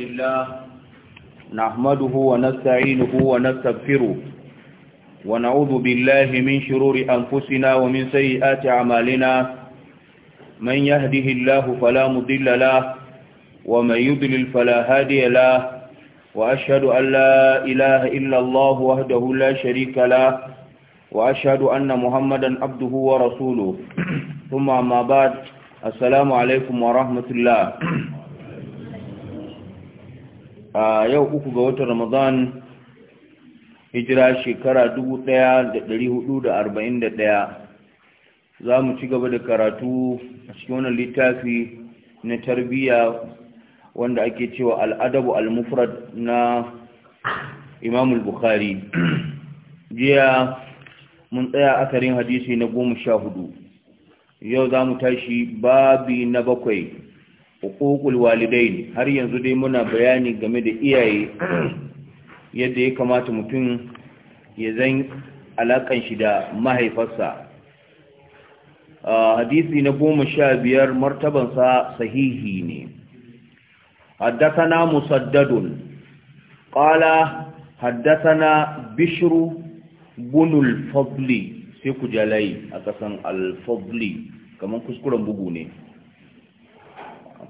لله نحمده ونستعينه ونستغفره ونعوذ بالله من شرور أنفسنا ومن سيئات أعمالنا من يهده الله فلا مضل له ومن يضلل فلا هادي له وأشهد أن لا إله إلا الله وحده لا شريك له وأشهد أن محمدا عبده ورسوله ثم أما بعد السلام عليكم ورحمة الله a yau uku ga watan ramadan hijira shekara dubu ɗaya da da arba'in da ɗaya. za mu ci gaba da karatu a cikin wannan littafi na tarbiyya wanda ake cewa al'adabu al-mufrad na imam bukhari jiya mun tsaya akarin hadisi na goma sha hudu yau za mu tashi babi na bakwai hukukul walidain har yanzu dai muna bayani game da iyaye yadda ya kamata mutum ya zan alakan shi da mahaifarsa hadisi na goma sha biyar martabansa sahihi ne haddasana musaddadun ƙala haddasana bishiru gunul fadli sai ku jalai a ƙasan alfadli kamar kuskuren bugu ne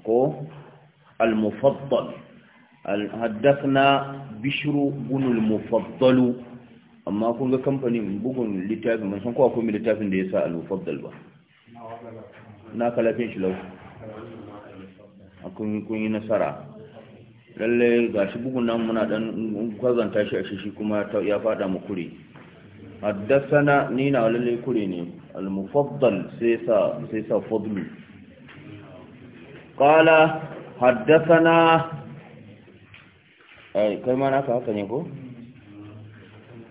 ko al-mufaddal haddathna bishru bin al-mufaddal amma kun ga kamfanin bugun littafin mun san ko akwai mai littafin da yasa al-mufaddal ba na kalafin shi lau kun yi nasara lalle gashi bugun nan muna dan kwazanta shi a shi kuma ya fada mu kure haddasana ni na lalle kure ne al-mufaddal sai sa sai sa fadlu قال حدثنا أي كما نفع كنيكو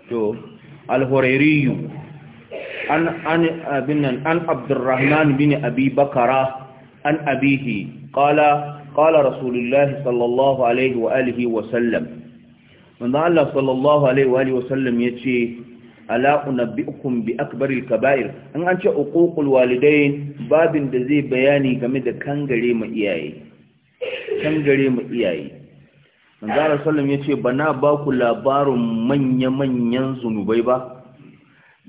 شو الهريري عن عن ابن عن عبد الرحمن بن ابي بكر عن ابيه قال قال رسول الله صلى الله عليه واله وسلم من الله صلى الله عليه واله وسلم يجي ala unabbi'ukum bi akbaril kaba'ir an an ce uququl walidai babin da zai bayani game da kangare ma iyaye kangare ma iyaye manzara sallam yace bana ba ku labarin manya manyan zunubai ba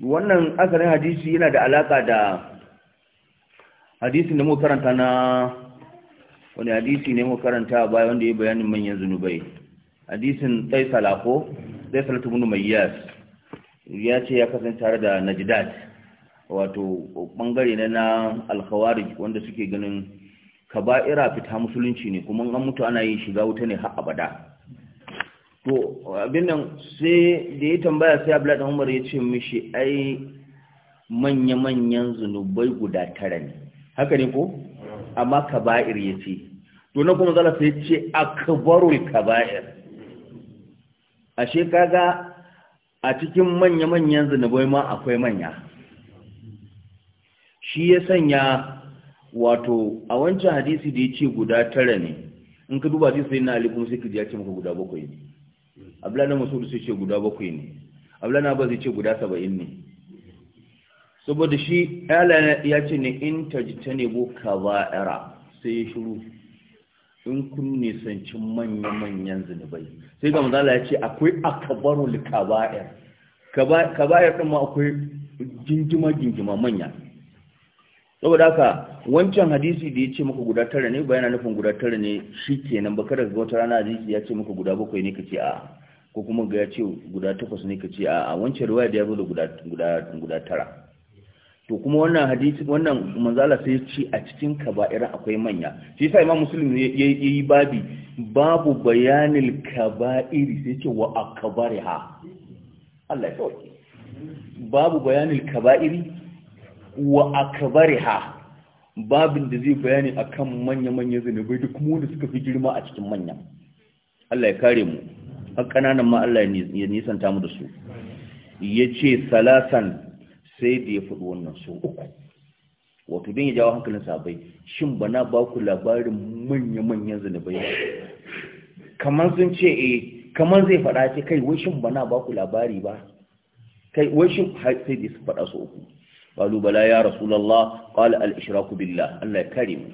wannan asalin hadisi yana da alaka da hadisin ne mu karanta na wani hadisi ne mu karanta baya wanda ya bayanin manyan zunubai hadisin salako ko salatu tubunu mayyas ya ce ya kasance tare da najidat wato bangare na na alkhawarij wanda suke ganin kaba'ira fita musulunci ne kuma an mutu ana yin shiga wuta ne har abada to abin nan sai da ya tambaya sai abdullahi umar ya ce mishi ai manya-manyan zunubai guda tara ne haka ne ko amma kaba'ir ya ce to na kuma zala sai ce akbarul kaba'ir ashe kaga a cikin manya-manyan zunubai ma akwai manya shi ya sanya wato a wancan hadisi da ya ce guda tara ne in ka duba hadisi sai na alikun sai ka ya ce maka guda bakwai ne abulana masudu sai ce guda bakwai ne abulana ba zai ce guda saba'in ne saboda shi ya ce ne in tajtanibu kaba'ira sai ya shiru in kun nisanci manya-manyan zunubai sai ga mazala ya ce akwai akabarul kaba'ir kaba'ir ɗin ma akwai jinjima-jinjima manya saboda haka wancan hadisi da ya ce maka guda tara ne bayana nufin guda tara ne shi ke ba kada ga wata rana hadisi ya ce maka guda bakwai ne ka ce a ko kuma ga ya ce guda takwas ne ka ce a wancan ruwa da ya zo da guda tara to kuma wannan hadisi wannan manzala sai ce a cikin kaba'ira akwai manya shi yasa imam muslim ya yi babi babu bayanil kaba'iri sai ce wa akbariha Allah ya sauke babu bayanil kaba'iri wa akbariha babin da zai bayani akan manya-manya zanubai da kuma wanda suka fi girma a cikin manya Allah ya kare mu har kananan ma Allah ya nisanta mu da su yace salasan sai da ya faɗi wannan sau uku wato don ya jawo hankalin sabai shin na ba ku labarin manya-manyan zunubai kamar sun ce eh kamar zai faɗa ce kai wai shin na ba ku labari ba kai wai shin sai da ya faɗa sau uku qalu bala ya rasulullah qala al ishraku billah Allah ya kare mu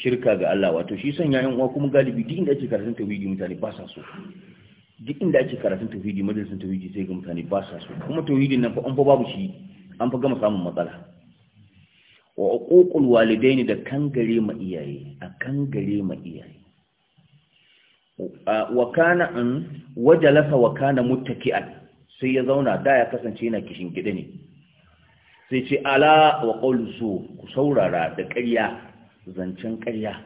shirka ga Allah wato shi sanya yan uwa kuma galibi din da ake karatun tawhidi mutane ba sa so duk inda ake karatun tauhidi majalisun tauhidi sai ga mutane ba sa so kuma tauhidin nan fa an fa babu shi an fa gama samun matsala wa uququl walidaini da kangare ma iyaye a kangare ma iyaye wa kana an mm, wajalasa wa kana muttaki'an sai ya zauna da ya kasance yana kishin gida ne sai ce ala wa qawlu su ku saurara da ƙarya zancen ƙarya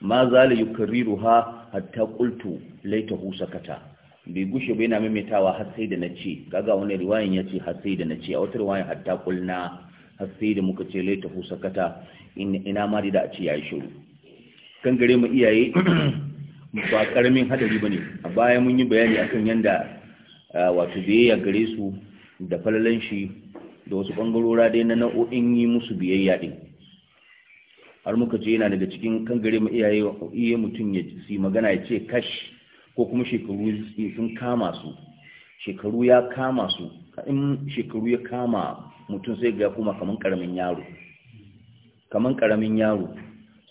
ma zala yukarriruha hatta qultu laitahu sakata bai gushe bai na maimaitawa har sai da nace kaga wannan riwayan yace har sai da nace a wata riwayan hatta qulna har sai da muka ce laitahu sakata ina ma da a ce yayi shiru kan gare mu iyaye ba karamin hadari bane a baya mun yi bayani akan yanda wato biyayya gare su da falalan shi da wasu bangarora dai na nau'o'in yi musu biyayya din har muka ce yana daga cikin kan gare mu iyaye iya mutum ya si magana ya ce kash ko kuma shekaru sun kama su shekaru ya kama su in shekaru ya kama mutum sai ga kuma kaman karamin yaro kaman karamin yaro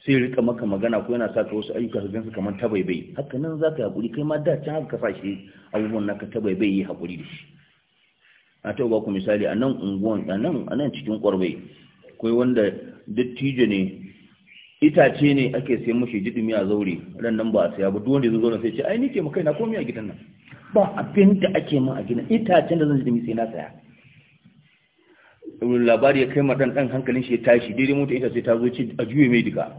sai rika maka magana ko yana sa ka wasu ayyuka su gansu kaman tabaibai haka nan za ka haƙuri kai ma da can haka sa shi abubuwan naka tabaibai yi haƙuri da shi a ta ba ku misali a nan unguwan a nan cikin ƙwarbai akwai wanda dattijo ne itace ne ake sai mushi jidumi a zaure ran nan ba a saya ba duk wanda ya zo na sai ce ai ni ke maka na komai a gidan nan ba abin da ake ma a gidan itacen da zan jidumi sai na saya labari ya kai madan dan hankalin shi ya tashi daidai mota itace ta zo ce a juye mai duka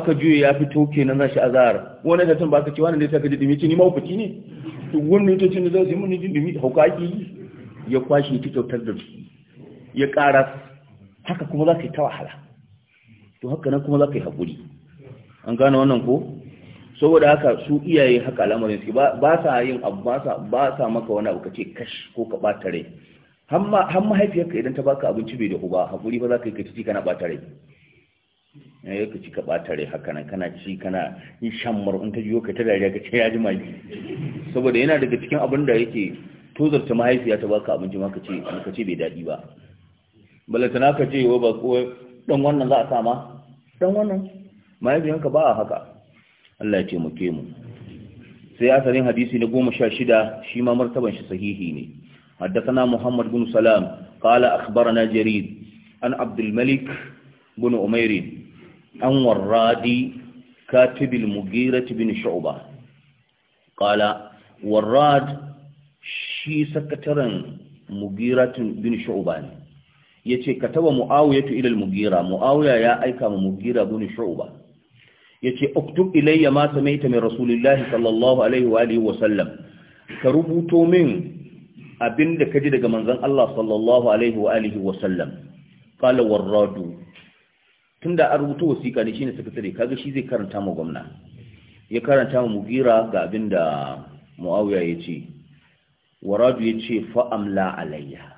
aka juye ya fito kenan zan shi azahar Wannan da tun ba ka ce wani da ta kaji ya ce ni mahaukaci ne to wannan ita ce ne za su mun jin dumi hauka ya kwashe ta kyautar da ya ƙara haka kuma za ka yi ta wahala to haka nan kuma za ka yi haƙuri an gane wannan ko saboda haka su iyaye haka al'amarin su ba sa yin abu ba sa maka wani abu ka ce kash ko ka ɓata rai har mahaifiyarka idan ta baka abinci bai da uba haƙuri ba za ka yi ka ci kana ɓata rai ya eh, ka ci ka ɓata rai haka nan kana ci kana yin shammar in ta jiyo ka ta dariya ka ce ya ji mai saboda yana daga cikin abin da yake tozarta mahaifiya ta baka abinci ma ka ce bai daɗi ba balantana ka ce wa ba don wannan za a sama don wannan mahaifiyanka ba haka Allah ya taimake mu sai asalin hadisi na goma sha shida shi ma martaban shi sahihi ne haddathana muhammad bin salam qala akhbarana jarid an abd al-malik bin umair an warradi katib al bin shu'ba qala warad shi sakataren mughira bin shu'ba ne yace ka taɓa ila al mugira. muawiya ya aika mu mughira bin shu'ba yace uktub ilayya ma samaita min rasulillahi sallallahu alaihi wa alihi wa sallam ka rubuto min abinda kaji daga manzon Allah sallallahu alaihi wa alihi wa sallam qala warradu tunda an rubuta wasiƙa ne shine sakatare kaga shi zai karanta ma gwamna ya karanta mu mugira ga abinda muawiya yace waradu ya fa amla alayya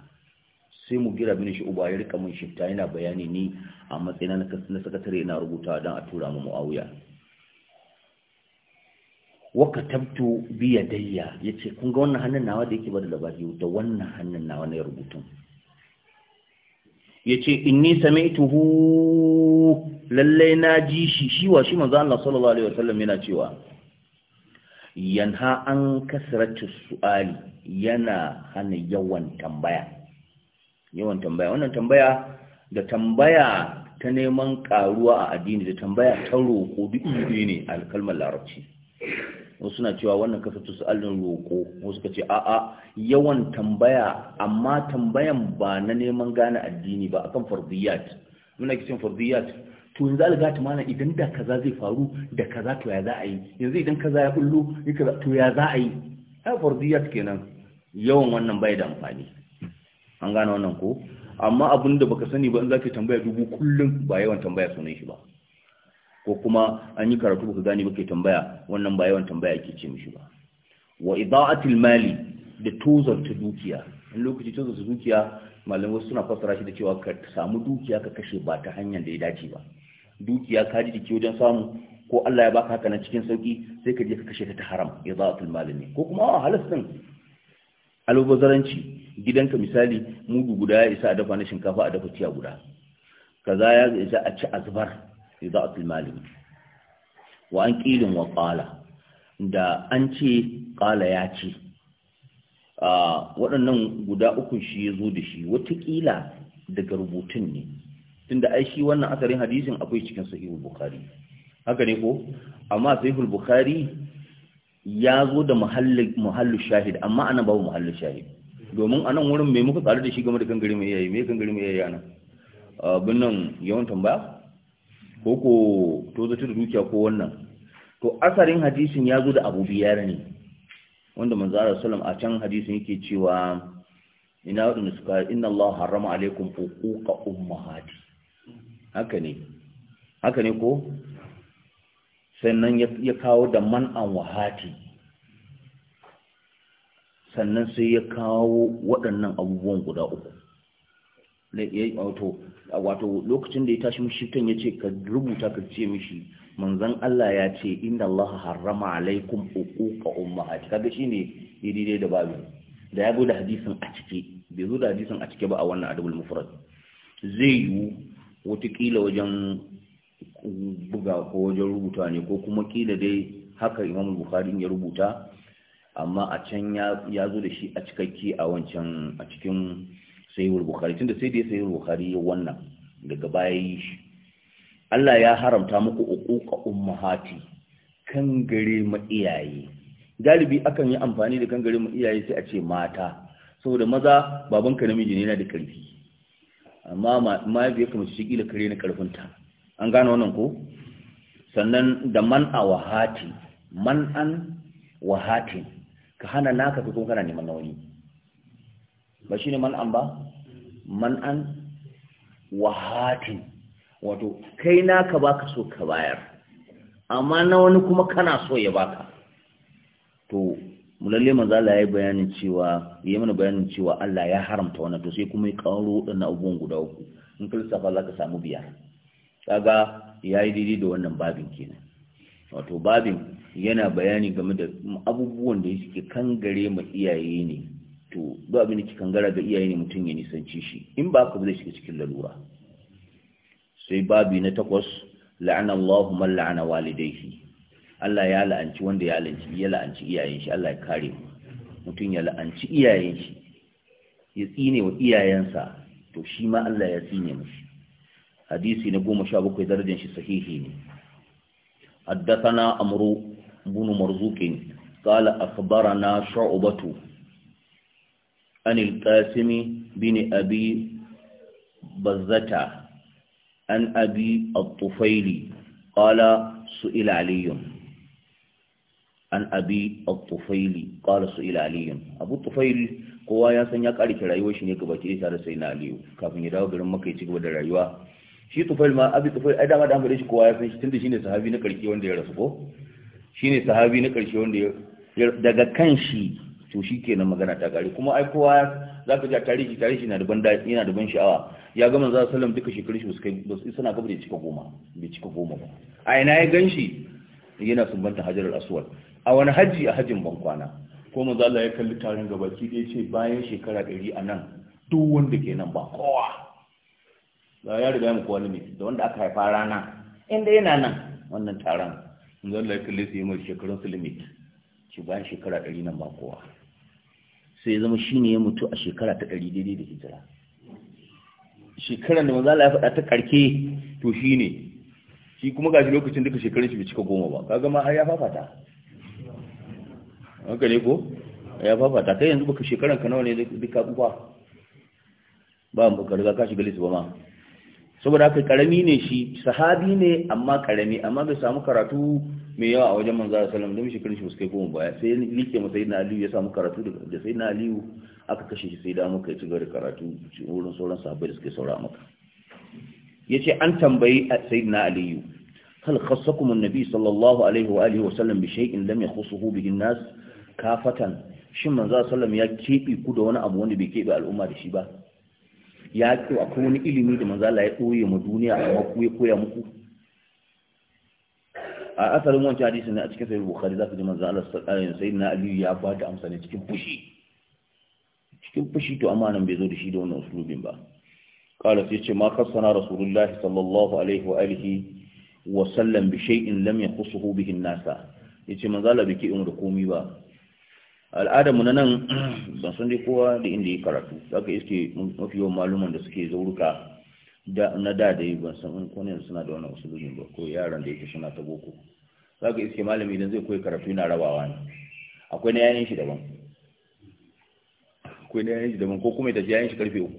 sai mu gira bin shi uba ya rika mun shifta yana bayani ni a matsayina na sakatare ina rubuta don a tura mu muawiya waka tabtu biya yadayya yace kun ga wannan hannun nawa da yake bada labari da wannan hannun nawa ne rubutun yace inni sami'tuhu lalle na ji shi shi wa shi manzo Allah sallallahu alaihi wasallam yana cewa yanha an kasratu su'ali yana hana yawan tambaya yawan tambaya wannan tambaya da tambaya ta neman karuwa a addini da tambaya ta roƙo duk iri ne a kalmar larabci wasu suna cewa wannan kasatu allon roƙo wasu ka ce a'a yawan tambaya amma tambayan ba na neman gane addini ba akan fardiyat muna cin fardiyat to yanzu algata mana idan da kaza zai faru da kaza to ya za a yi yanzu idan kaza ya kullu to ya za a yi ha fardiyat kenan yawan wannan bai da amfani an gane wannan ko amma abin da baka sani ba in zaka tambaya dubu kullum ba yawan tambaya sunan shi ba ko kuma an yi karatu baka gane baka tambaya wannan ba yawan tambaya ake ce mishi ba wa ida'atil mali da tozarta dukiya in lokaci tozarta dukiya malamai suna fassara shi da cewa ka samu dukiya ka kashe ba ta hanyar da ya dace ba dukiya ka ji jiki wajen samu ko Allah ya baka haka nan cikin sauki sai ka je ka kashe ta ta haram ida'atul mali ne ko kuma a albazaranci gidanka misali mudu guda ya isa a dafa na shinkafa a dafa tiya guda kaza ya isa a ci azbar idza atul wa an qilin wa qala da an ce qala ya ce a waɗannan guda uku shi ya zo da shi watakila daga rubutun ne tunda ai shi wannan asarin hadisin akwai cikin sahihul bukhari haka ne ko amma sahihul bukhari ya zo da muhallu shahid amma ana babu muhallu shahid domin anan wurin mai muka tsari da shi game da gangare mai yayi mai gangare mai yayi anan abin nan yawan tambaya ko ko to zata da dukiya ko wannan to asarin hadisin ya zo da abu biyar ne wanda manzo Allah sallam a can hadisin yake cewa ina wadanda suka inna Allah harrama alaikum uquqa ummahati haka ne haka ne ko sannan ya kawo da man'an wahati sannan sai ya kawo waɗannan abubuwan guda uku wato lokacin da ya tashi mishi kan ya ce ka rubuta ka ce mishi manzan Allah ya ce inda Allah harrama alaikum uquqa ummahati kaga shine daidai da babu da ya da hadisin a cike bai zo da hadisin a cike ba a wannan adabul mufrad zai yi wata wajen buga ko wajen rubuta ne ko kuma kila dai haka imam bukhari ya rubuta amma a can ya zo da shi a cikakke a wancan a cikin sayyid bukhari tunda sai da sayyid bukhari wannan daga baya yi shi Allah ya haramta muku uquqa ummahati kan gare ma iyaye galibi akan yi amfani da kan gare ma iyaye sai a ce mata saboda maza babanka namiji ne yana da karfi amma ma ya kamace shi kila kare na karfin ta an gano wannan ko sannan da man a wahati, man an wahati ka hana naka ka kuma kana neman na wani ba shine an ba man an wahati wato kai naka baka so ka bayar amma na wani kuma kana so ya baka to mulalle manzala ya yi bayanin cewa ya mana bayanin cewa Allah ya haramta wannan to sai kuma ya karo na abubuwan guda uku in ka fa za ka samu biyar kaga yayi daidai da wannan babin kenan wato babin yana bayani game da abubuwan da yake kangare ma iyaye ne to duk abin da ke kangara ga iyaye ne mutum ya nisanci shi in ba ka zai shiga cikin lalura sai babi na takwas la'ana Allahu man la'ana walidayhi Allah ya la'anci wanda ya la'anci ya la'anci iyayen shi Allah ya kare mu mutum ya la'anci iyayen shi ya tsine wa iyayensa to shi ma Allah ya tsine mishi hadisi na goma sha bakwai darajar shi sahihi ne haddathana amru bin marzuqin qala akhbarana shu'batu an al-qasim bin abi bazzata an abi at-tufaili qala su aliyun an abi tufaili abu tufaili kowa ya san ya karike rayuwar shi ne gabaki tare sai na aliyu kafin ya dawo garin maka ya ci gaba da rayuwa shi tufail ma abi tufail ai dama da an shi kowa ya san shi tunda shine sahabi na karshe wanda ya rasu ko shine sahabi na karshe wanda ya daga kan shi to shikenan magana ta kare kuma ai kowa zaka ga tarihi tarihi na da banda yana da ban sha'awa ya ga manzo sallam duka shekaru shi suka ba su suna gaba da cika goma bai cika goma ba a ina ya ganshi yana sumbanta hajarul aswad a wani haji a hajin bankwana ko manzo Allah ya kalli tarin gabaki da ya ce bayan shekara 100 anan duk wanda ke nan ba kowa ba ya riga mu kowa limiti da wanda aka haifa rana inda yana nan wannan taron in zan laifin lissi mai shekarun su limit shi bayan shekara ɗari nan ba kowa sai ya zama shine ya mutu a shekara ta ɗari daidai da hijira shekaran da maza ya faɗa ta ƙarke to shine shi kuma gashi lokacin duka shekarun shi bai cika goma ba kaga ma har ya fafata haka ne ko ya fafata kai yanzu baka shekaran ka nawa ne duka uba ba mu ka riga ka shiga lissu ba ma saboda haka karami ne shi sahabi ne amma karami amma bai samu karatu mai yawa a wajen manzo sallallahu alaihi wasallam don shekarun shi ba su kai goma baya sai like masa sayyidina aliyu ya samu karatu da sayyidina aliyu aka kashe shi sai da muka ci gaba da karatu wurin sauran sahabbai da suke saura maka yace an tambayi sayyidina aliyu hal khassakum annabi sallallahu alaihi wa alihi wasallam bi shay'in lam yakhussuhu bihi an-nas kafatan shin manzo sallallahu alaihi wasallam ya kebe ku da wani abu wanda bai kebe al'umma da shi ba ya ce akwai wani ilimi da manzo Allah ya koye mu duniya amma ku ya koya muku a asalin wancan hadisi ne a cikin sahih bukhari zaka ji manzo Allah sayyidina ali ya ba da amsa ne cikin fushi cikin fushi to amma nan bai zo da shi da wannan uslubin ba qala sai ce ma kasana rasulullahi sallallahu alaihi wa alihi wa sallam bi shay'in lam yakhusuhu bihi an-nasa yace manzo Allah bai ke da komai ba al'adarmu na nan ban san dai kowa da inda ya karatu Za ka iske mafi yawan maluman da suke zauruka na da da ban san in kone suna da wasu usulun ba ko yaran da yake suna ta boko Za ka iske malami idan zai koyi karatu yana rabawa ne akwai na yanin shi daban akwai na yanin shi daban ko kuma da yanin shi karfe uku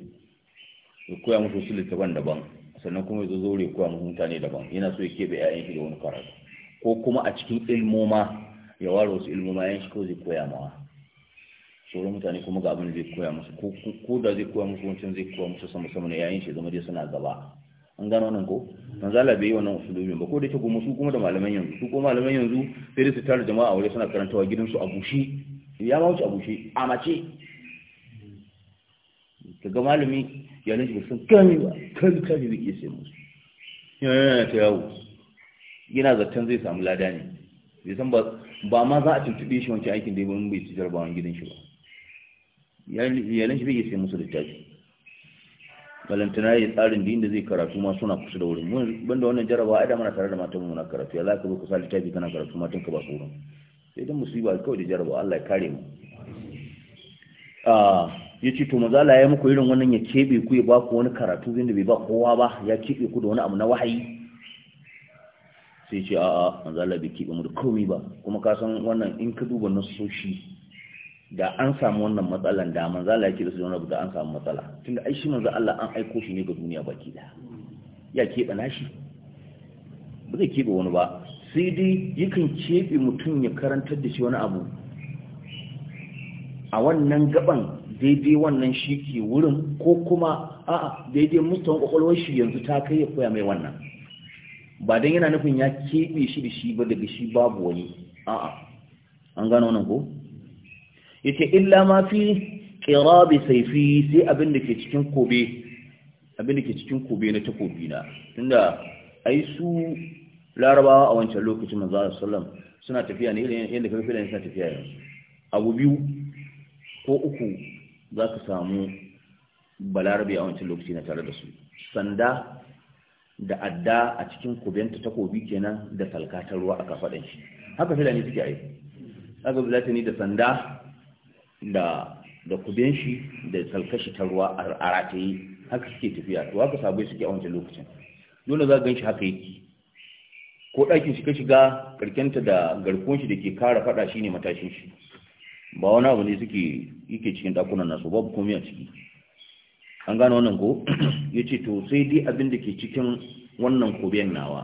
ya koya musu usulun littafan daban sannan kuma ya zo zaure koya musu mutane daban yana so ya keɓe yayan shi da wani karatu ko kuma a cikin ilmoma ya ware wasu ilmomayen shi ko zai koya mawa tsoron mutane kuma ga abin da zai koya musu ko da zai koya musu wancan zai koya musu sama sama ne yayin shi zama dai suna gaba an gano nan ko dan zala bai wannan usulubin ba ko da ta kuma su kuma da malaman yanzu su kuma malaman yanzu sai su tare jama'a wajen suna karantawa gidansu a bushe ya ma wuce a bushe a mace kaga malami nan shi sun yi ba kan yi zai iya sai musu yana ta yawo yana zaton zai samu lada ne bai san ba ba ma za a tuntuɓe shi wancan aikin da ya bai ci jarabawan gidan shi ba yalan shi bai yi sai musu littafi balantana ya tsarin din da zai karatu ma suna kusa da wurin mun banda wannan jaraba ai da mana tare da matan mu na karatu ya ka zo kusa da littafi kana karatu matan ka ba su wurin sai dan musiba kawai da jaraba Allah ya kare mu ah ce to mazala Allah ya muku irin wannan ya kebe ku ya ba ku wani karatu zai da bai ba kowa ba ya kebe ku da wani abu na wahayi sai ce a'a an zala bai keɓe mu da komai ba kuma ka san wannan in ka duba na soshi da an samu wannan matsalan da manzo ya yake da su da an samu matsala tunda ai shi manzo Allah an aiko shi ne ga duniya baki da ya na nashi ba zai keɓe wani ba sai dai yakan keɓe mutum ya karantar da shi wani abu a wannan gaban daidai wannan shi ke wurin ko kuma a'a daidai mutum kwakwalwar shi yanzu ta kai ya koya mai wannan ba don yana nufin ya keɓe shi da shi ba daga shi babu wani a'a an gano nan ko yace illa ma fi bai saifi sai abin da ke cikin kobe abin da ke cikin kobe na takobi na tunda ai su larabawa a wancan lokacin manzo Allah sallam suna tafiya ne irin yadda kaga da suna tafiya yanzu abu biyu ko uku za ka samu balarabe a wancan lokaci na tare da su sanda da adda a cikin kubenta takobi kenan da salkatar ruwa aka shi haka filani suke aiki aka zulata ni da sanda da da kuben shi da salkashi ta ruwa a rataye haka suke tafiya to haka sabai suke a wancan lokacin dole za gan shi haka yake ko ɗakin shi ka shiga karkenta da garkon shi da ke kara faɗa shine matashin shi ba wani abu ne suke yake cikin ɗakunan nasu babu komai a ciki an gano wannan ko ya ce to sai dai abin da ke cikin wannan koben nawa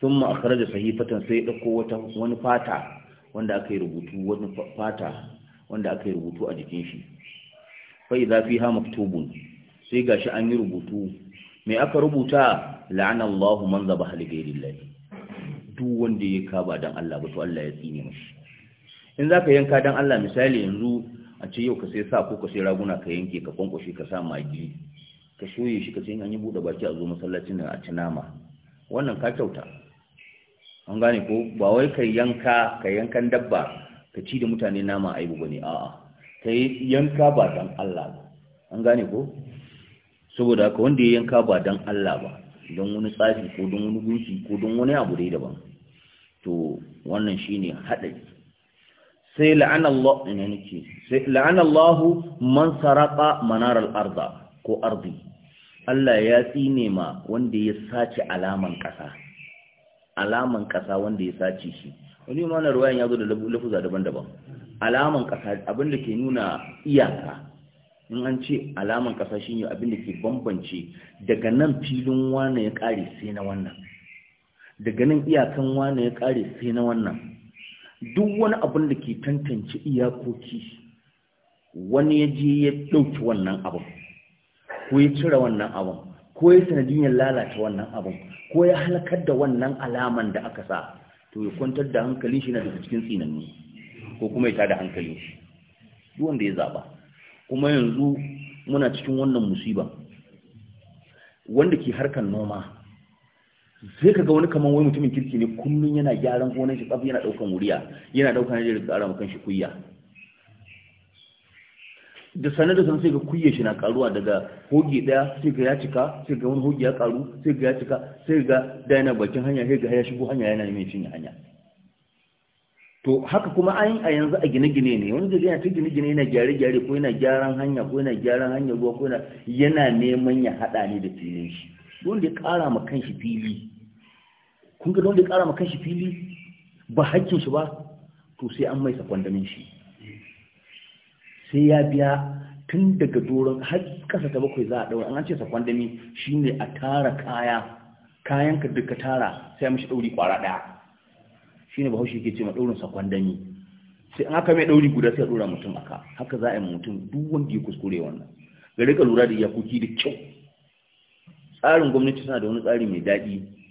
sun ma'akarar da sahifatan sai ya ɗauko wani fata wanda aka yi rubutu wani fata wanda aka yi rubutu a jikin shi fai za fi ha maktubun sai gashi an yi rubutu mai aka rubuta la'anan Allahu man zaba haligairin lai duk wanda ya kaba don Allah ba to Allah ya tsine mashi in za ka yanka don Allah misali yanzu a ce yau ka sai sa ko ka sai raguna ka yanke ka kwankwashe ka sa magi ka shoye shi ka ce an yi buɗe baki a zo masallacin nan a ci nama wannan ka kyauta an gane ko ba wai ka yanka ka yankan dabba ka ci da mutane nama aibu ne a'a ka yanka ba dan Allah ba an gane ko saboda ka wanda ya yanka ba dan Allah ba don wani tsafi ko don wani gunki ko don wani abu dai daban to wannan shine haɗari sai la'anallahu ina nake sai Allah man saraka manar al-arda ko ardi Allah ya tsine ma wanda ya sace alaman kasa alaman kasa wanda ya sace shi wani ma na ruwayan ya zo da lafuza daban-daban alaman kasa abin da ke nuna iyaka in an ce alaman kasa shine abin da ke bambance daga nan filin wane ya kare sai na wannan daga nan iyakan wane ya kare sai na wannan duk wani abin da ke tantance iyakoki wani ya je ya ɗauki wannan abin ko ya cire wannan abin ko ya sanadiyar lalata wannan abin ko ya halakar da wannan alaman da aka sa to ya kwantar da hankalin shi na daga cikin tsinanni ko kuma ya tada hankalin shi duk wanda ya zaba kuma yanzu muna cikin wannan musiba wanda ke harkar noma sai ka ga wani kamar wai mutumin kirki ne kullum yana gyaran gonan shi tsaf yana daukan wuriya yana daukan yadda da tsara makan shi kuyya da sanar da sanar sai ga kuyya shi na karuwa daga hoge daya sai ga ya cika sai ga wani hoge ya karu sai ga ya cika sai ga da yana bakin hanya sai ga ya shigo hanya yana neman cinye hanya to haka kuma an a yanzu a gine-gine ne wani zai yana ta gine-gine yana gyare-gyare ko yana gyaran hanya ko yana gyaran hanya ruwa ko yana neman ya hada ne da filin shi wanda ya kara ma kanshi fili kun ga wanda ya ƙara maka shi fili ba hakkin shi ba to sai an mai sakwandamin shi sai ya biya tun daga doron har ƙasa ta bakwai za a ɗaura an ce sakwandami ne a tara kaya kayan ka duka tara sai mishi ɗauri ƙwara ɗaya ne bahaushe ke ce ma ɗaurin sakwandami sai an haka mai ɗauri guda sai a ɗora mutum aka haka za a yi mutum duk wanda ya kuskure wannan ga ka lura da iyakoki da kyau tsarin gwamnati suna da wani tsari mai daɗi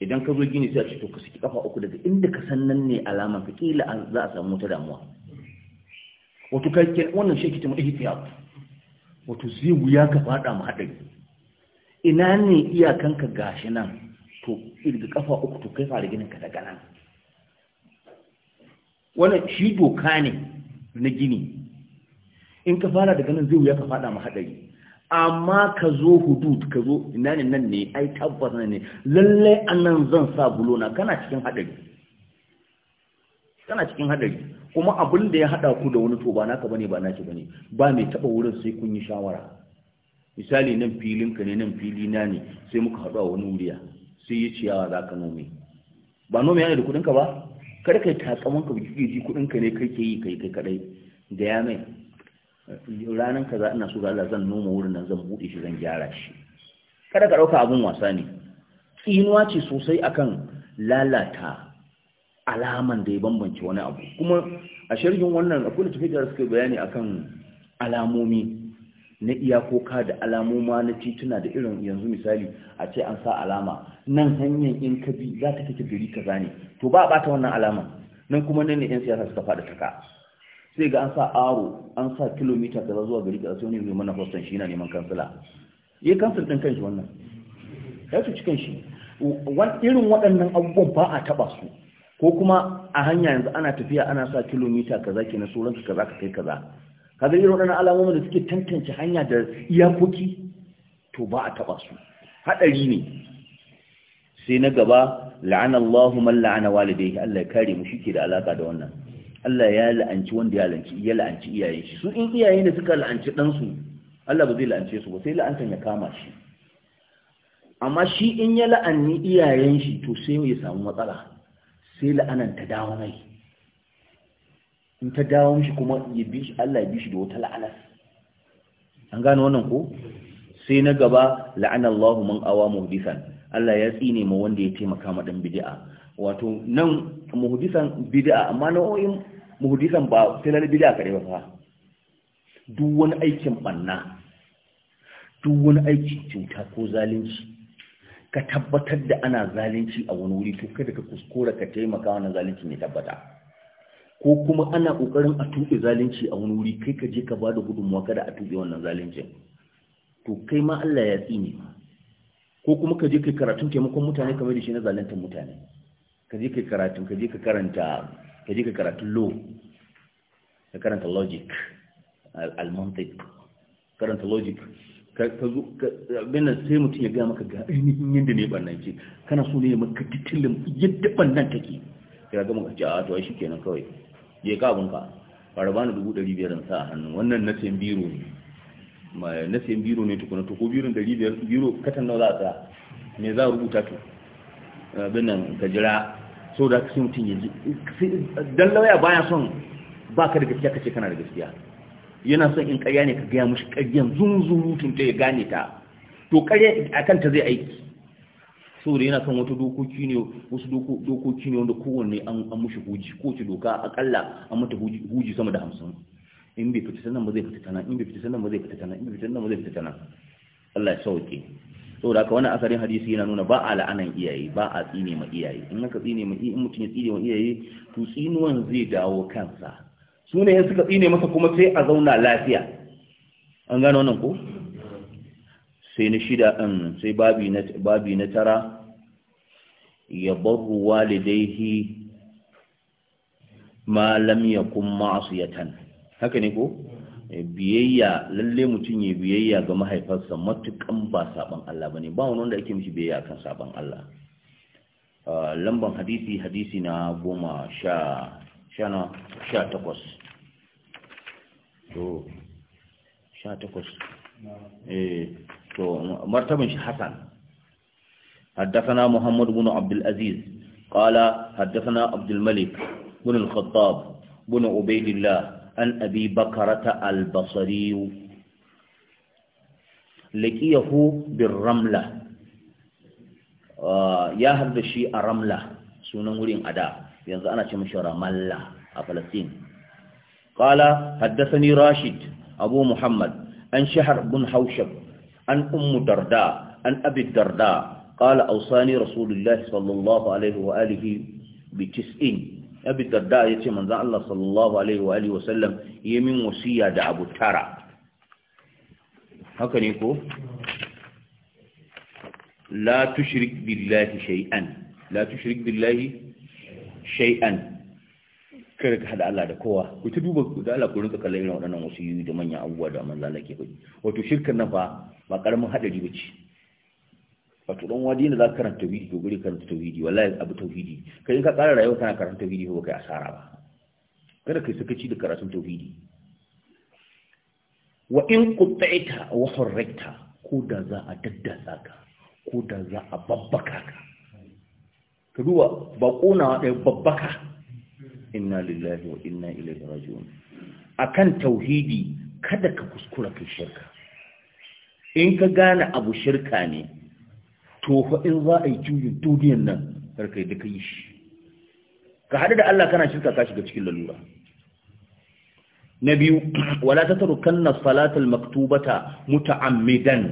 idan ka zo gini sai a ce to ka saki kafa uku daga inda ka san nan ne alama ka kila za a samu wata damuwa wato ka ke wannan shi kitin ihtiyat wato zai wuya ka fada mu hadari ina ne iyakan ka gashi nan to irga kafa uku to kai fara ginin ka daga nan wannan shi doka ne na gini in ka fara daga nan zai wuya ka fada mu hadari amma ka zo hudud ka zo ina ne nan ne ai tabbas ne lallai anan zan sa bulona kana cikin hadari kana cikin hadari kuma abin da ya hada ku da wani to ba naka bane ba naki bane ba mai taba wurin sai kun yi shawara misali nan filin ka ne nan fili na ne sai muka hadu a wani wuriya sai ya ciyawa zaka nome ba nome yana da kudin ka ba kar kai takaman ka biki ji kudin ka ne kai ke yi kai kai kadai da ya mai ranar kaza ina so ga Allah zan noma wurin nan zan bude shi zan gyara shi kada ka dauka abun wasa ne tsinuwa ce sosai akan lalata alaman da ya bambance wani abu kuma a sharhin wannan akwai da tafiya suka bayani akan alamomi na iyakoka da alamoma na tituna da irin yanzu misali a ce an sa alama nan hanyar in ka bi za ta take gari kaza ne to ba a bata wannan alaman nan kuma nan ne yan siyasa suka fada taka sai ga an sa aro an sa kilomita kaza zuwa gari kaza sai wani mai mana shi na neman kansila ya kansil ɗin kanshi wannan ya cuci kanshi irin waɗannan abubuwan ba a taɓa su ko kuma a hanya yanzu ana tafiya ana sa kilomita kaza ke na su kaza ka kai kaza ga irin waɗannan alamomin da suke tantance hanya da iyakoki to ba a taɓa su haɗari ne sai na gaba la'anallahu man la'ana walidayhi Allah ya kare mu shi ke da alaka da wannan Allah ya la'anci wanda ya la'anci ya la'anci iyayen shi su in iyayen da suka la'anci dan su Allah ba zai la'ance su ba sai la'antan ya kama shi amma shi in ya la'anni iyayen shi to sai ya samu matsala sai la'anan ta dawo mai in ta dawo mishi kuma ya bi shi Allah ya bi shi da wata la'ana an gane wannan ko sai na gaba la'ana Allahu man awamu bisan Allah ya tsine ma wanda ya taimaka ma dan bid'a wato nan muhdisan bid'a amma nau'o'in muhdisan ba sai lalle bid'a kare ba fa duk wani aikin banna duk wani aikin cuta ko zalunci ka tabbatar da ana zalunci a wani wuri to kada ka kuskura ka taimaka wannan zalunci ne tabbata ko kuma ana kokarin a tuɓe zalunci a wani wuri kai ka je ka bada gudunmuwa kada a tuɓe wannan zaluncin to kai ma Allah ya tsine ko kuma ka je kai karatun taimakon mutane kamar da shi na zaluntar mutane ka ji ka karatu ka ji ka karanta ka ji ka karatu law ka karanta logic al-mantiq karanta logic ka zo nan sai mutum ya gaya maka ga ainihin yanda ne bannan ce kana so ne ya maka titilin yadda bannan take ya ga maka ja to shi kenan kawai je ka abinka farban dubu ɗari biyar sa a wannan na sayan biro ne na sayan biro ne tukuna to ko biron ɗari biyar biro katan nawa za a tsaya me za a rubuta to bin nan ka jira so da sai mutum ya don lauya baya son ka da gaskiya ce kana da gaskiya yana son in karya ne ka gaya mushi ƙaryan zunzurutun ta ya gane ta to karya a kanta zai aiki saboda yana son wata dokoki ne wasu dokoki ne wanda kowanne an mushi huji ci doka akalla an mata huji sama da hamsin in bai fita sannan ba zai fita tana in bai fita sannan ba zai fita tana in bai fita sannan ba zai fita tana Allah ya sauke saboda ka wannan asarin hadisi yana nuna ba a la'anan iyaye ba a tsine ma iyaye in aka tsine ma in mutum ya tsine ma iyaye to tsinuwan zai dawo kansa su ne suka tsine masa kuma sai a zauna lafiya an gano wannan ko sai na shida an um, sai babi na babi na tara ya barru walidaihi ma lam yakun ma'siyatan haka ne ko Eh, biyayya lalle mutum ya biyayya ga mahaifarsa matukan ba saban Allah ba ne ba wani wanda ake mishi biyayya kan saban Allah ah, lamban hadisi hadisi na goma sha shana sha takwas to sha takwas eh, to martaban shi hasan حدثنا محمد بن عبد العزيز قال حدثنا عبد الملك بن الخطاب بن عبيد الله an abi bakarata albasariyu laƙiyahu bin ramla ya harda shi a ramla sunan wurin ada yanzu ana ce mashi ramalla a falastin ƙala haddasani rashid abu muhammad an shahar bin haushab an ummu darda an abi darda ƙala ausani rasulullahi sallallahu alaihi wa alihi bi tis'in abi darda ya ce manzan Allah sallallahu alaihi wa alihi wasallam ya min wasiya da abu tara haka ne ko la tushrik billahi shay'an la tushrik billahi shay'an kar ka hada Allah da kowa ku ta duba da Allah ku rinka kallon irin waɗannan wasiyoyi da manyan abubuwa da manzan Allah ke faɗi wato shirkan nan fa ba karamin hadari bace wato dan wadi ne za ka karanta tauhidi to gure karanta tauhidi wallahi abu tauhidi kai in ka tsara rayuwa kana karanta tauhidi ko kai asara ba kada kai sakaci da karatun tauhidi wa in qutta'ita wa hurrikta ko da za a daddasa ka ko da za a babbaka ka ka duba ba kona da babbaka inna lillahi wa inna ilaihi raji'un akan tauhidi kada ka kuskura kai shirka in ka gane abu shirka ne to fa in za a yi juyin duniyan nan karkai da kai shi ka haɗu da Allah kana shirka ka shiga cikin lalura na biyu wala ta tarukan na salatul maktubata muta'ammidan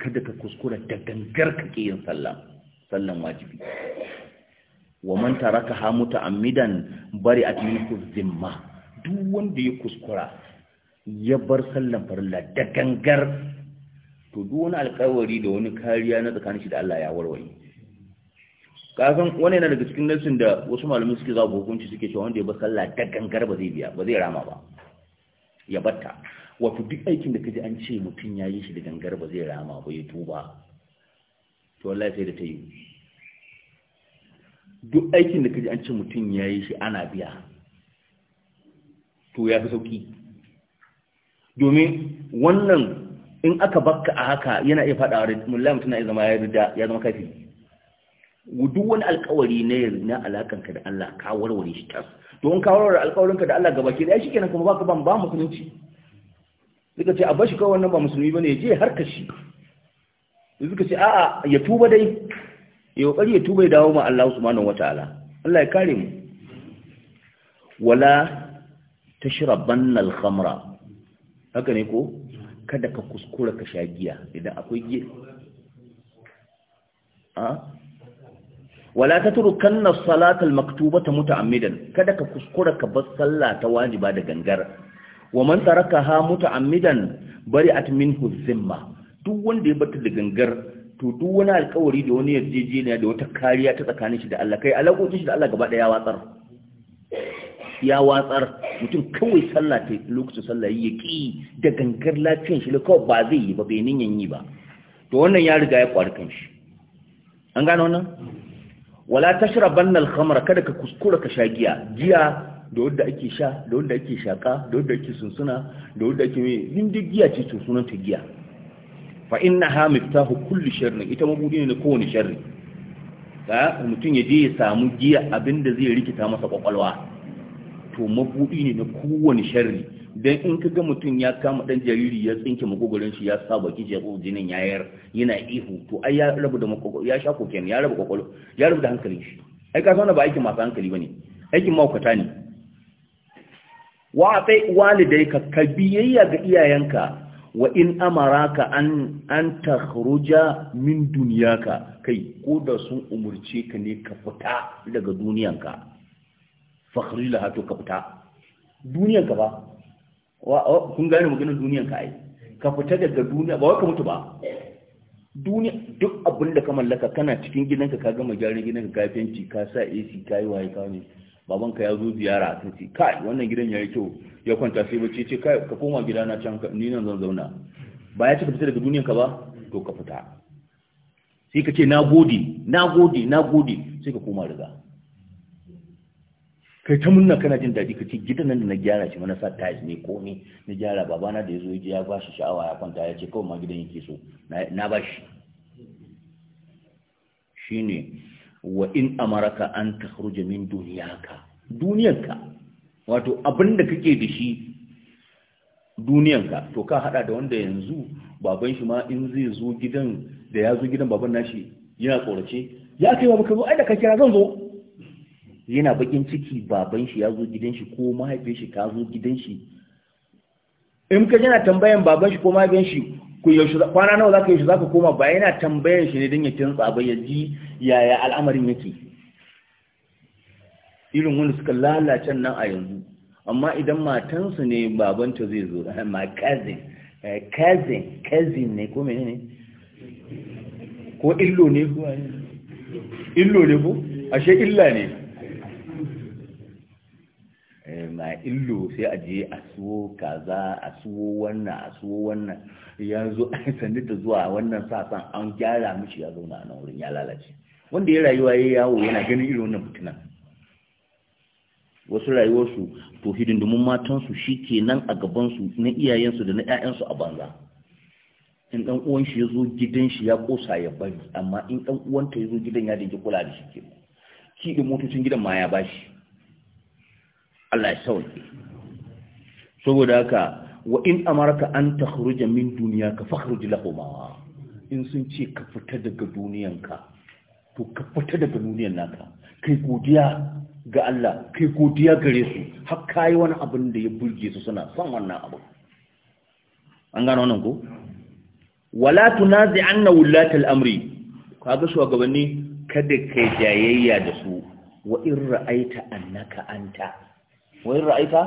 kada ka kuskura da gangar ka ke yin sallah sallan wajibi wa man tarakaha muta'ammidan bari at minhu zimma duk wanda ya kuskura ya bar sallan farilla da gangar to duk wani alƙawari da wani kariya na tsakanin shi da Allah ya warware kafin wani yana daga cikin nassin da wasu malamai suke za hukunci suke cewa wanda ya bar sallah da gangar ba zai biya ba zai rama ba ya batta wato duk aikin da kaje an ce mutum ya yi shi da gangar ba zai rama ba ya tuba to wallahi sai da ta yi duk aikin da kaje an ce mutum ya yi shi ana biya to ya fi sauki domin wannan in aka bakka a haka yana iya faɗa mulla mutum ya zama ya zama kafi duk wani alkawari ne na alakanka da Allah ka warware shi tas to in ka warware alkawarinka da Allah gabaki da shi kenan kuma baka ban ba musulunci duka ce a bashi kawai wannan ba musulmi bane je har ka shi suka ce a'a ya tuba dai ya kokari ya tuba ya dawo ma Allah subhanahu wataala Allah ya kare mu wala tashrabanna al-khamra haka ne ko kada ka kuskura ka sha giya idan akwai giya wala ta turukan kanna salatar maktuba ta muta'ammidan amidan kada ka kuskura ka bar sallah ta wajiba da gangar wa man taraka ha mutu amidan bari at minhu zimma duk wanda ya bata da gangar to duk wani alƙawari da wani yarjejeniya da wata kariya ta tsakanin shi da Allah kai alaƙoƙin shi da Allah gaba ɗaya ya watsar ya watsar mutum kawai sallah ta lokacin sallah ya ƙi da gangar lafiyan shi kawai ba zai yi ba bai niyan yi ba to wannan ya riga ya kan kanshi an gano wannan wala tashrabannal khamra kada ka kuskura ka sha giya giya da wadda ake sha da wadda ake shaka da wadda ake sunsuna da wadda ake mai hindi giya ce to sunan ta giya fa innaha miftahu kulli sharrin ita mabudi ne kowane sharri ka mutum ya je ya samu giya abinda zai rikita masa kwakwalwa to mabudi ne na kowane sharri don in ka ga mutum ya kama dan jariri ya tsinke makogoron shi ya sa baki ya ko jinin yayar yana ihu to ai ya rabu da makogoro ya sha koken ya rabu kwakwalo ya rabu da hankalin shi ai ka sauna ba aikin masu hankali ba ne. aikin maukata ne wa ka ka biyayya ga iyayenka wa in amaraka an an takhruja min ka kai ko da sun umurce ka ne ka fita daga duniyanka fakhri laha to ka fita duniyar ka ba kun gane maganar duniyar ka ai ka fita daga duniya ba wai ka mutu ba duniya duk abin da ka mallaka kana cikin gidanka ka gama gyaran gidanka ka fenti ka sa AC ka yi waye ka ne baban ka ya zo ziyara sun ce kai wannan gidan yayi kyau ya kwanta sai bace ce kai ka koma gidana can ni nan zan zauna ba ya ce ka fita daga duniyar ka ba to ka fita sai ka ce na gode na gode na gode sai ka koma riga kai ta munna kana jin daɗi ka ce gidan da na gyara shi mana sa tiles ne ko ni na gyara babana da ya zo ya ba sha'awa ya kwanta ya ce kawai ma gidan yake so na ba shi shine wa in amaraka an takhruja min duniyarka duniyarka wato abinda kake da shi duniyanka to ka haɗa da wanda yanzu baban shi ma in zai zo gidan da ya zo gidan baban nashi yana tsorace ya kai wa ka zo ai da ka kira zan zo yana bakin ciki baban shi ya zo gidan shi ko mahaifin shi ka zo gidan shi in ka yana tambayan baban shi ko mahaifin shi ku yaushe kwana nawa zaka yaushe zaka koma ba yana tambayan shi ne don ya tantsa ba ya ji yaya al'amarin yake irin wani suka lalace nan a yanzu amma idan matansu ne babanta zai zo eh, ma cousin eh, cousin cousin ne ko menene ko illo ne ko illo ne ko ashe illa ne illo sai a je a suwo kaza a suwo wannan a suwo wannan ya zo sannu da zuwa wannan sasan an gyara mishi ya zauna a wurin ya lalace wanda ya rayuwa ya yawo yana ganin irin wannan mutunan. wasu rayuwarsu to hidindimun matansu shi ke nan a gabansu na iyayensu da na 'ya'yansu a banza in dan uwan shi ya zo gidan shi ya kosa ya bari amma in dan uwanta ya zo gidan ya dinki kula da shi ke ki da motocin gidan ma ya bashi Allah ya sauke saboda haka wa in amarka an takhruja min duniya ka fakhruj lahum in sun ce ka fita daga duniyanka to ka fita daga duniyan naka kai godiya ga Allah kai godiya gare su har kai wani abin da ya burge su suna son wannan abu an gano wannan ko wala tunazi'anna al amri kaga shugabanni kada kai jayayya da su wa in ra'aita annaka anta wani ra'aita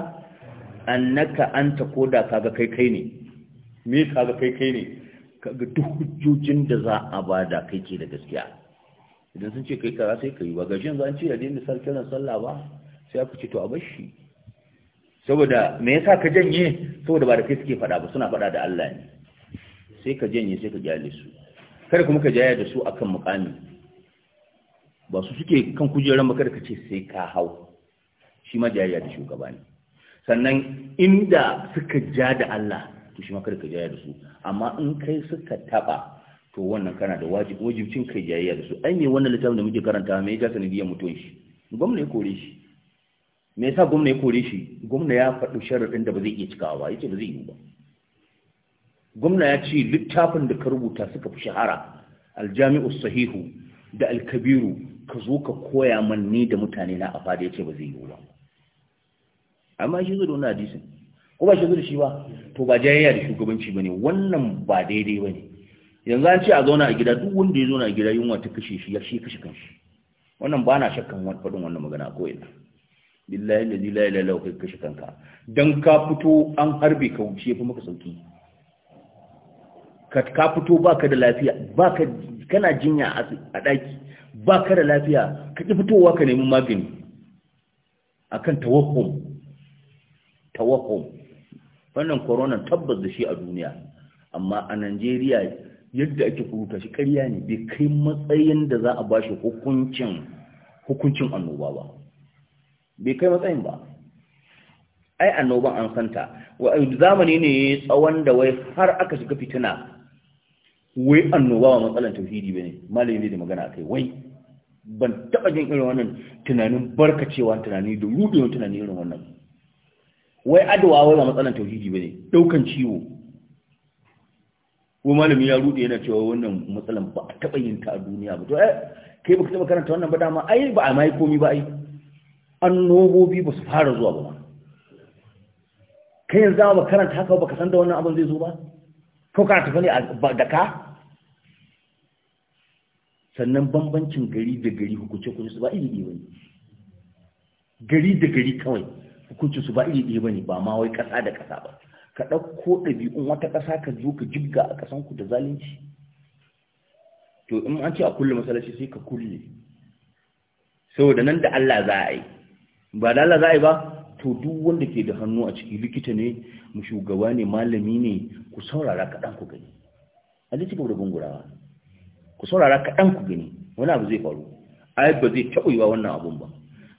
annaka anta koda kaga kai kai ne me kaga kai kai ne kaga duk hujjojin da za a bada kai ke da gaskiya idan sun ce kai kaza sai kai ba ga yanzu zan ce da misal kiran sallah ba sai aka ce to a bar shi saboda me yasa ka janye saboda ba da kai suke faɗa ba suna faɗa da Allah ne sai ka janye sai ka jale su kada kuma ka jaya da su akan mukami ba su suke kan kujeran ba kada ka ce sai ka hau shi ma jayayya da shugaba ne sannan inda suka ja da Allah to shi ma kada ka jayayya da su amma in kai suka taba to wannan kana da wajibcin kai jayayya da su Ai me wannan littafin da muke karanta me yasa sanadiyar mutuwan shi gwamna ya kore shi me yasa gwamna ya kore shi gwamna ya faɗi sharaɗin da ba zai iya cikawa ba yace ba zai yi ba gwamna ya ce littafin da ka rubuta suka fi shahara aljami'u sahihu da alkabiru ka zo ka koya man ni da mutane na afa da yace ba zai yi ba amma shi zo da wannan hadisin ko ba shi zo da shi ba to ba jayayya da shugabanci bane wannan ba daidai bane yanzu an ce a zauna a gida duk wanda ya zauna a gida yunwa ta kashe shi ya shi kashe kanshi wannan ba na shakkan faɗin wannan magana ko ina billahi la ilaha illa kai kashe kanka dan ka fito an harbe ka wuce fa maka sauki ka fito baka da lafiya baka kana jinya a daki baka da lafiya ka ki fitowa ka nemi magani akan tawakkul tawahum wannan corona tabbas da shi a duniya amma a Najeriya yadda ake kuruta shi ƙarya ne bai kai matsayin da za a bashi hukuncin hukuncin annoba ba bai kai matsayin ba ai annoban an santa zamani ne tsawon da wai har aka shiga fitina wai annoba wa matsalan tauhidi bane malami da magana akai wai ban taba jin irin wannan tunanin barkacewa tunani da rudewa tunani irin wannan wai adawa wai ba matsalan tauhidi bane daukan ciwo ko malami ya rude yana cewa wannan matsalan ba a taba yin ta a duniya ba to eh kai baka taba karanta wannan ba dama ai ba a mai komi ba ai annobobi ba su fara zuwa ba kai yanzu ba karanta haka ba ka san da wannan abin zai zo ba ko ka tafi ne da ka sannan bambancin gari da gari hukunce-hukunce su ba iri ne gari da gari kawai hukuncin su ba iri ba ne ba ma wai ƙasa da ƙasa ba ka ɗauko ɗabi'un wata ƙasa ka zo ka jibga a ƙasanku da zalunci to in an ce a kulle masallaci sai ka kulle saboda nan da Allah za a yi ba da Allah za a yi ba to duk wanda ke da hannu a ciki likita ne mu shugaba ne malami ne ku saurara kaɗan ku gani a da gungurawa ku saurara kaɗan ku gani wani abu zai faru a ba zai taɓa wa wannan abun ba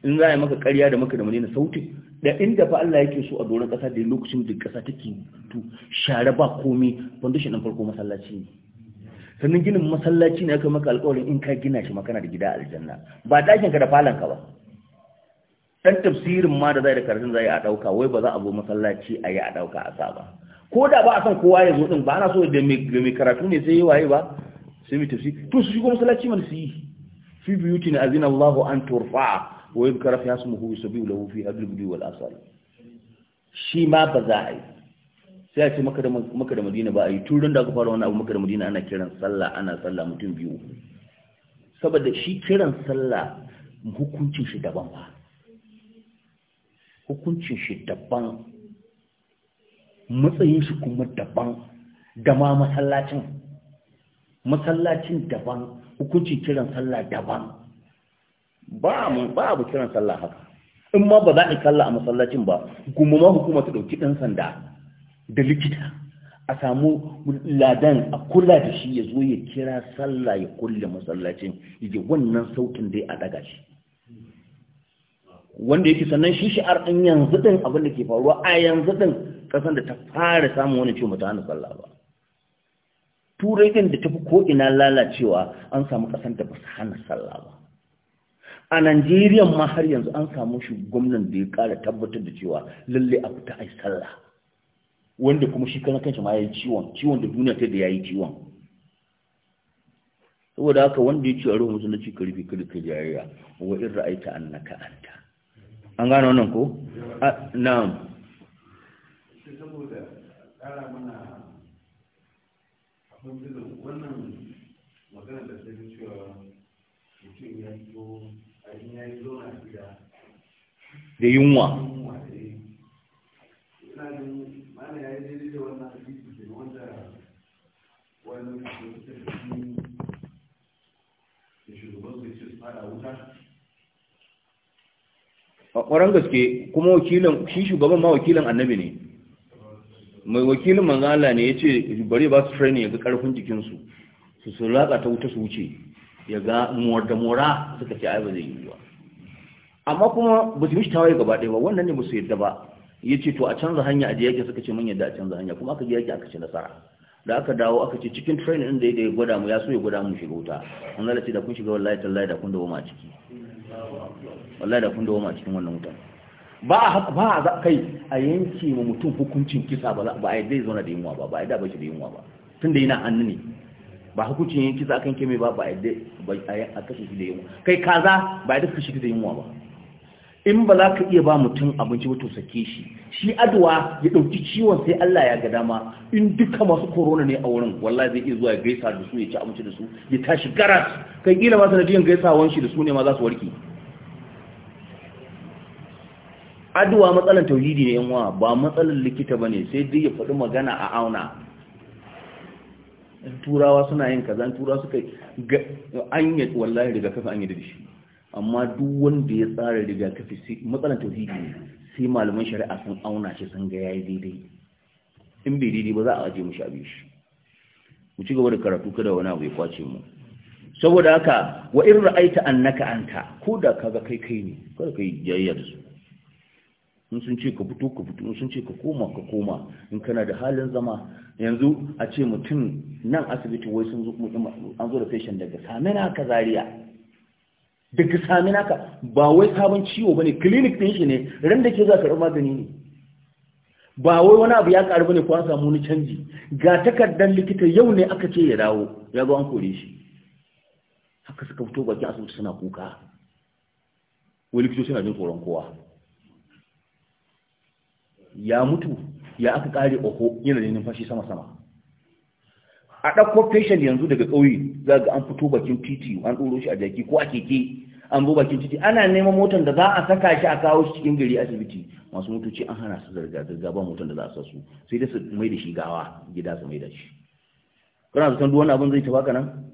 in za a yi maka ƙarya da maka da mu na sautin? da inda fa Allah yake so a doron kasa da lokacin da kasa take to share ba komai foundation din farko masallaci ne sannan ginin masallaci ne aka maka alƙawarin in ka gina shi makana da gida aljanna ba dakin ka da falon ka ba dan tafsirin ma da zai da karatun zai a dauka wai ba za a zo masallaci a yi a dauka a sa ba ko da ba a san kowa ya zo din ba ana so da mai karatu ne sai yi waye ba sai mai tafsiri to su shigo masallaci man su yi fi biyutin azina Allahu an turfa wa yuzkara fi hasmuhu sabi lahu fi hadil bidi wal asal shi ma ba za a yi sai a ce maka da maka da Madina ba a yi tun da aka fara wani abu maka da Madina ana kiran sallah ana sallah mutum biyu saboda shi kiran sallah hukuncin shi daban ba hukuncin shi daban matsayin shi kuma daban da ma masallacin masallacin daban hukuncin kiran sallah daban ba abu kiran sallah haka in ma ba za a yi a masallacin ba kuma ma hukuma ta dauki ɗan sanda da likita a samu ladan a kula da shi ya zo ya kira sallah ya kulle masallacin yake wannan sautin dai a daga shi wanda yake sannan shi shi'ar ɗin yanzu ɗin abinda ke faruwa a yanzu ɗin ƙasar da ta fara samun wani ce mata hana sallah ba turai ɗin da tafi ina lalacewa an samu ƙasar da ba su hana sallah ba a Najeriya ma har yanzu an samu shi gwamnan da ya ƙara tabbatar da cewa lalle a fita ai sallah wanda kuma shi kan kanshi ma yayi ciwon ciwon da duniya ta da yayi ciwon saboda haka wanda ya ce a ruhun musulunci ka rufe kada ka jayayya wa in ra'aita annaka anta an gano wannan ko na'am saboda kara mana abin wannan magana da sai cewa mutum ya yi da yunwa ƙwaron gaske kuma wakilin shi shugaban ma wakilin annabi ne mai wakilin manzala ne ya ce bari ba su training ya ga ƙarfin jikinsu su su latsa ta wuta su wuce ya ga da mora suka ce ai zai yi ba amma kuma ba su mishi tawaye gaba ɗaya ba wannan ne musu yadda ba ya ce to a canza hanya a je suka ce mun yadda a canza hanya kuma aka je aka ce nasara da aka dawo aka ce cikin training din da ya gwada mu ya so ya gwada mu shiga wuta an lalace da kun shiga wallahi tallahi da kun dawo ma ciki wallahi da kun dawo ma cikin wannan wutan ba a ba a kai a yanke ma mutum hukuncin kisa ba ba a yadda ya zauna da yunwa ba ba a yadda ba shi da yunwa ba da yana hannu ne ba hukuncin yin kisa akan mai ba ba a kashe shi da yunwa kai kaza ba a yadda kashe shi da yunwa ba in ba za ka iya ba mutum abinci wato sake shi shi aduwa ya ɗauki ciwon sai Allah ya ga dama in duka masu korona ne a wurin wallahi zai iya zuwa ya gaisa da su ya ci abinci da su ya tashi garas kai kila ma sanadiyan gaisawan shi da su ne ma za su warke aduwa matsalan tauhidi ne yanwa ba matsalan likita bane sai dai ya faɗi magana a auna turawa suna yin kaza turawa suka an yi wallahi rigakafi an yi da shi amma duk wanda ya tsara rigakafi sai matsalan tauhidi sai malaman shari'a sun auna shi sun ga yayi daidai in bai daidai ba za a aje mushi abin shi mu ci gaba da karatu kada wani abu ya kwace mu saboda haka wa in ra'aita annaka anta ko da kaga kai kai ne kada kai jayayya da su in sun ce ka fito ka fito in sun ce ka koma ka koma in kana da halin zama yanzu a ce mutum nan asibiti wai sun zo an zo da patient daga samina ka zaria daga samina ka ba wai sabon ciwo bane clinic din shi ne ran da ke za ka magani ne ba wai wani abu ya karu bane ko an samu wani canji ga takardar likita yau ne aka ce ya dawo ya ga an kore shi haka suka fito baki asibiti suna kuka Wani likitoci suna jin tsoron kowa ya mutu ya aka kare oho yana da numfashi sama-sama a ɗauko patient yanzu daga ƙauye za ga an fito bakin titi an ɗoro shi a jaki ko a keke an zo bakin titi ana neman motar da za a saka shi a kawo shi cikin gari asibiti masu motoci an hana su zarga ba motar da za su su sai da su mai da shi gawa gida su mai da shi kana zaton duk wani abin zai tafi nan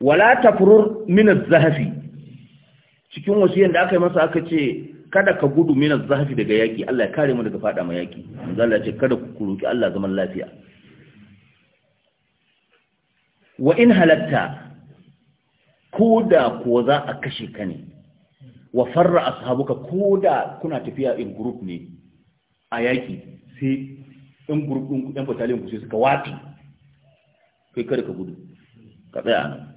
wala tafurur min az-zahfi cikin wasiyan da aka yi masa aka ce kada ka gudu mina zafi daga yaki Allah ya kare mu daga fada ma yaki manzo Allah ya ce kada ku kuruki Allah zaman lafiya wa in halatta ko kuwa za a kashe ka ne wa farra ashabuka ko kuna tafiya in group ne a yaki sai in group din yan battalion ku sai suka wati kai kada ka gudu ka tsaya nan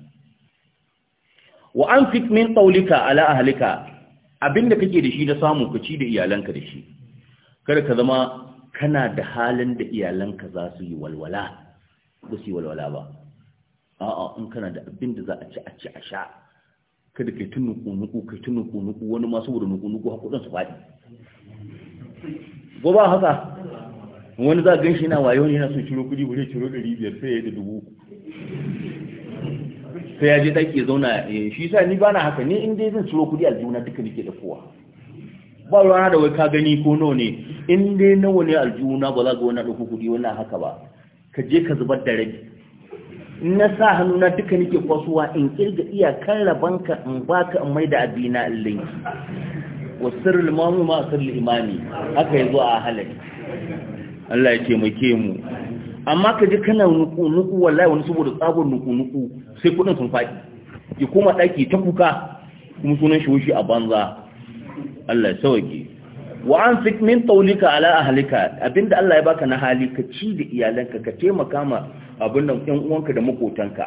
wa anfiq min qawlika ala ahlika abinda kake da shi da samu ka ci da iyalanka da shi kada ka zama kana da halin da iyalanka za su yi walwala ba su yi walwala ba a'a in kana da abinda za a ci a ci a sha kada kai tun nuku-nuku kai tun nuku-nuku wani ma saboda nuku-nuku hakudan su faɗi ko ba haka wani za a ganshi na wayo ne yana son ciro kudi wuri ciro ɗari biyar sai ya yi da dubu sai ya je ɗaki ya zauna eh, shi sa ni ba na haka ni in dai zan ciro kuɗi aljuna duka nake da kowa ba rana da wai ka gani ko nawa ne in dai nawa ne aljuna ba za ga wani ɗauko kuɗi wannan haka ba ka je ka zubar da rabi in na sa hannuna duka nake kwasuwa in kirga iyakar rabanka in baka in mai da abina in linki wa sirrul mamu ma sirrul imani. haka yazo a halali Allah ya taimake mu amma ka ji kana nuku nuku wallahi wani saboda tsabon nuku nuku sai kudin sun faɗi ya koma ɗaki ta kuka kuma sunan shi a banza Allah ya sauke wa an fi min taulika ala ahlika abinda Allah ya baka na hali ka ci da iyalanka ka taimaka ma abin nan uwanka da makotanka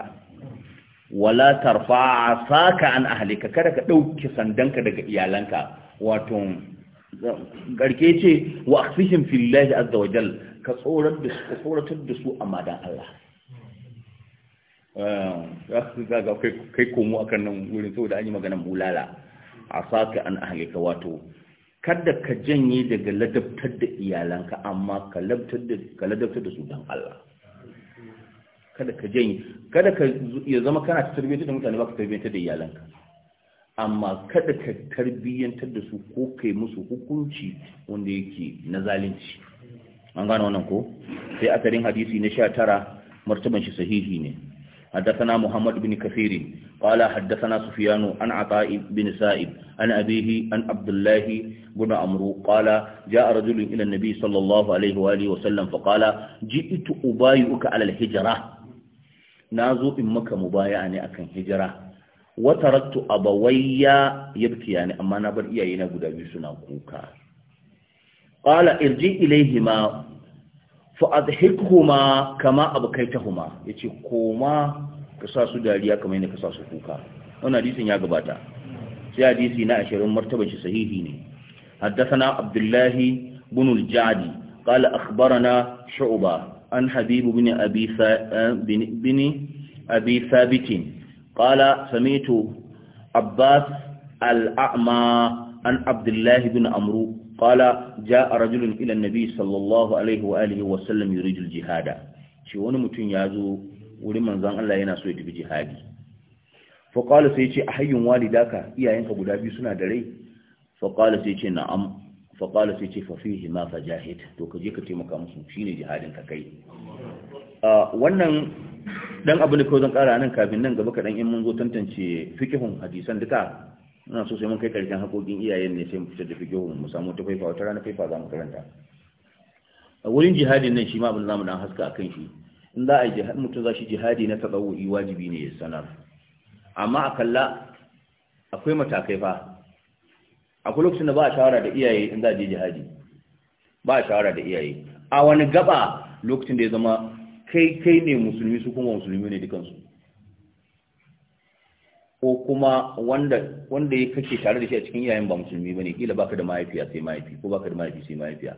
wala tarfa saka an ahlika kada ka ɗauki sandanka daga iyalanka wato garke ce wa aksihim fillahi azza wajal ka tsoratar da su a madan Allah ehm, za su zaga kai komo a kan nan wurin saboda an yi maganan bulala a saka an ahalika wato kada ka janye daga ladabtar da iyalanka amma ka ladabtar da su don Allah kada ka janye kada ka ya zama kana tarbiyyar da mutane ba ka tarbiyyar da iyalanka amma kada ka tarbiyyantar da su ko kai musu hukunci wanda yake na zalunci an gane wannan ko sai asalin hadisi na sha tara martaban shi sahihi ne haddathana muhammad bin kafiri qala haddathana sufyanu an ata'i bin sa'id an abihi an abdullahi bin amru qala ja'a rajulun ila an-nabi sallallahu alayhi wa sallam fa qala ji'tu ubayyuka ala al-hijra nazo in maka mu baya ne akan hijra wa taraktu abawayya yabki yani amma na bar iyayena guda biyu suna kuka ƙala irji ilaihi ma fa’adhikuma kama abu kai ya ce koma ka sa su dariya kama yana ka sa su kuka wani hadisun ya gabata sai hadisi na ashirin martabashi sahihi ne haddasana abdullahi gunul jadi ƙala akbarana sha’uba an habibu bini abi sabitin ƙala samito abbas al'a'ma an abdullahi bin amru qala jaa rajulun ila annabi sallallahu alaihi wa alihi wa sallam yuridu jihada shi wani mutum ya zo wurin manzon Allah yana so ya tafi jihadi fa qala sai ce ahayyun walidaka iyayenka guda biyu suna da rai fa qala sai ce na'am fa qala sai ce fa fihi ma fajahid to ka je ka taimaka musu shine jihadin ka kai wannan dan abin da kawai zan kara nan kafin nan gaba kaɗan in mun zo tantance fikihun hadisan duka ina so sai mun kai karshen hakokin iyayen ne sai mu fitar da fikihu mu samu ta faifa wata rana faifa za mu karanta a wurin jihadin nan shi ma abin zamu dan haska akan shi in za a yi jihad mutum za shi jihadi na tsatsawu'i wajibi ne ya sanar amma a kalla akwai matakai fa akwai lokacin da ba a shawara da iyaye in za a je jihadi ba a shawara da iyaye a wani gaba lokacin da ya zama kai kai ne musulmi su kuma musulmi ne dukansu ko kuma wanda wanda ya kake tare da shi a cikin iyayen ba musulmi bane kila baka da mahaifiya sai mahaifi ko baka da mahaifi sai mahaifiya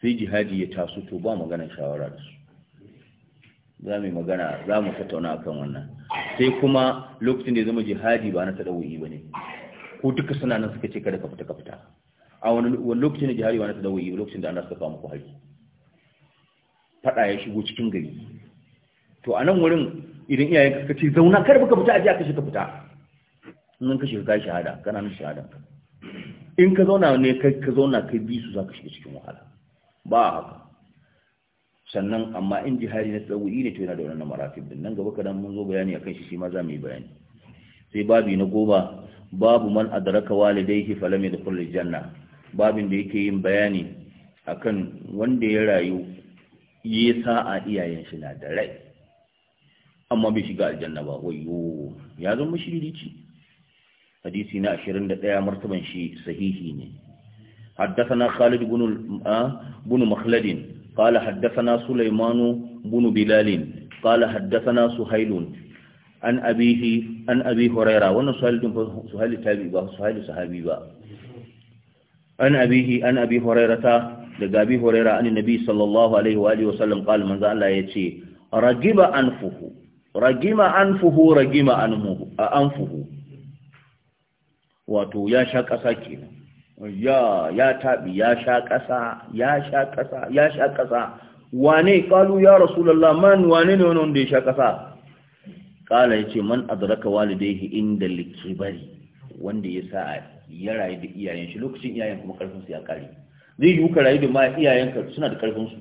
sai jihadi ya taso to ba maganar shawara da su za mu magana za mu tattauna akan wannan sai kuma lokacin da ya zama jihadi ba na tadawuyi bane ko duka suna nan suka ce kada ka fita ka fita a wani lokacin da jihadi ba na ba lokacin da Allah suka kawo muku haƙi fada ya shigo cikin gari to a nan wurin idan iyayen ka ce zauna kar ka fita aje aka shi ka fita sun ka shiga ka shahada kana nan shahada in ka zauna ne kai ka zauna kai bi su ka shiga cikin wahala ba haka sannan amma in jihari na tsawuyi ne to yana da wannan maratib din nan gaba kadan mun zo bayani akan shi shi ma za mu yi bayani sai babi na goma babu man adraka walidayhi falam yadkhul janna babin da yake yin bayani akan wanda ya rayu yi a iyayen shi na da rai amma bai shiga aljanna ba wayo ya zama shiririci hadisi na 21 martaban shi sahihi ne حدثنا خالد بن بن مخلد قال حدثنا سليمان بن بلال قال حدثنا سهيل عن أبيه عن أبي هريرة وانا سهيل سهيل تابعي با سهيل صحابي با عن عن daga abi huraira an nabi sallallahu alaihi wa alihi wasallam qala manzo Allah yace ragiba anfuhu ragima anfuhu ragima anmuhu anfuhu wato ya sha ƙasa kenan ya ya taɓi ya sha ƙasa ya sha ƙasa ya sha ƙasa wane Ƙalu ya rasulullah man wane ne wani wanda ya sha ƙasa ya ce man adraka walidayhi inda likibari wanda ya sa ya rayu da iyayen shi lokacin iyayen kuma ƙarfinsu ya ƙare. zai yi ka rayu da ma iyayen ka suna da ƙarfinsu.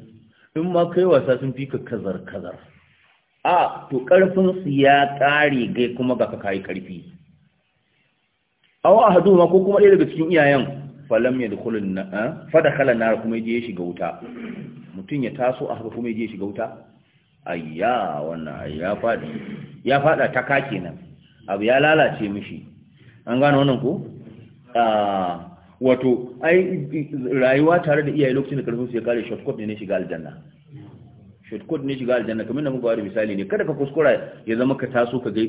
in ma kai wasa sun fi ka kazar kazar a to ƙarfinsu ya ƙare gai kuma ga ka kayi ƙarfi. aw ma ko kuma ɗaya daga cikin iyayen falam yadkhulun na eh, fa dakhala nar kuma yaje ya shiga wuta mutun ya taso a haka kuma yaje ya shiga wuta ayya wannan ayya fadi ya fada ta ka kenan abu ya lalace mishi an gano wannan ko ah, wato ai rayuwa tare da iyaye lokacin da karfin su ya kare shortcut ne ne shiga aljanna shortcut ne shiga aljanna kamar da ga wani misali ne kada ka kuskura ya zama ka taso ka ga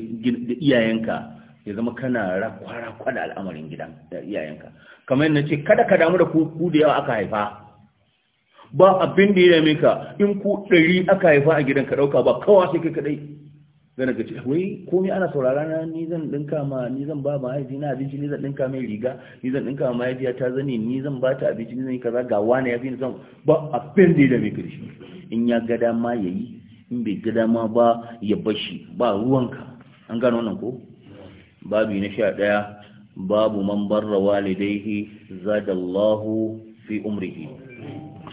iyayenka ya zama kana rakwara kwada da al'amarin gidan da iyayenka kamar yadda ce kada ka damu da ku da yawa aka haifa ba abin da ya dame ka in ku ɗari aka haifa a gidan ka ɗauka ba kawai sai kai kaɗai zan ga ce wai komai ana saurara na ni zan ɗinka ma ni zan ba haifi na abinci ni zan ɗinka mai riga ni zan ɗinka ma mahaifiya ta zane ni zan ba ta abinci ni zan yi kaza ga wani ya fi ni zan ba abin da ya dame ka shi in ya gada ma ya yi in bai gada ma ba ya bashi ba ruwanka an gano wannan ko babi na sha ɗaya babu man barra walidaihi zadallahu fi umrihi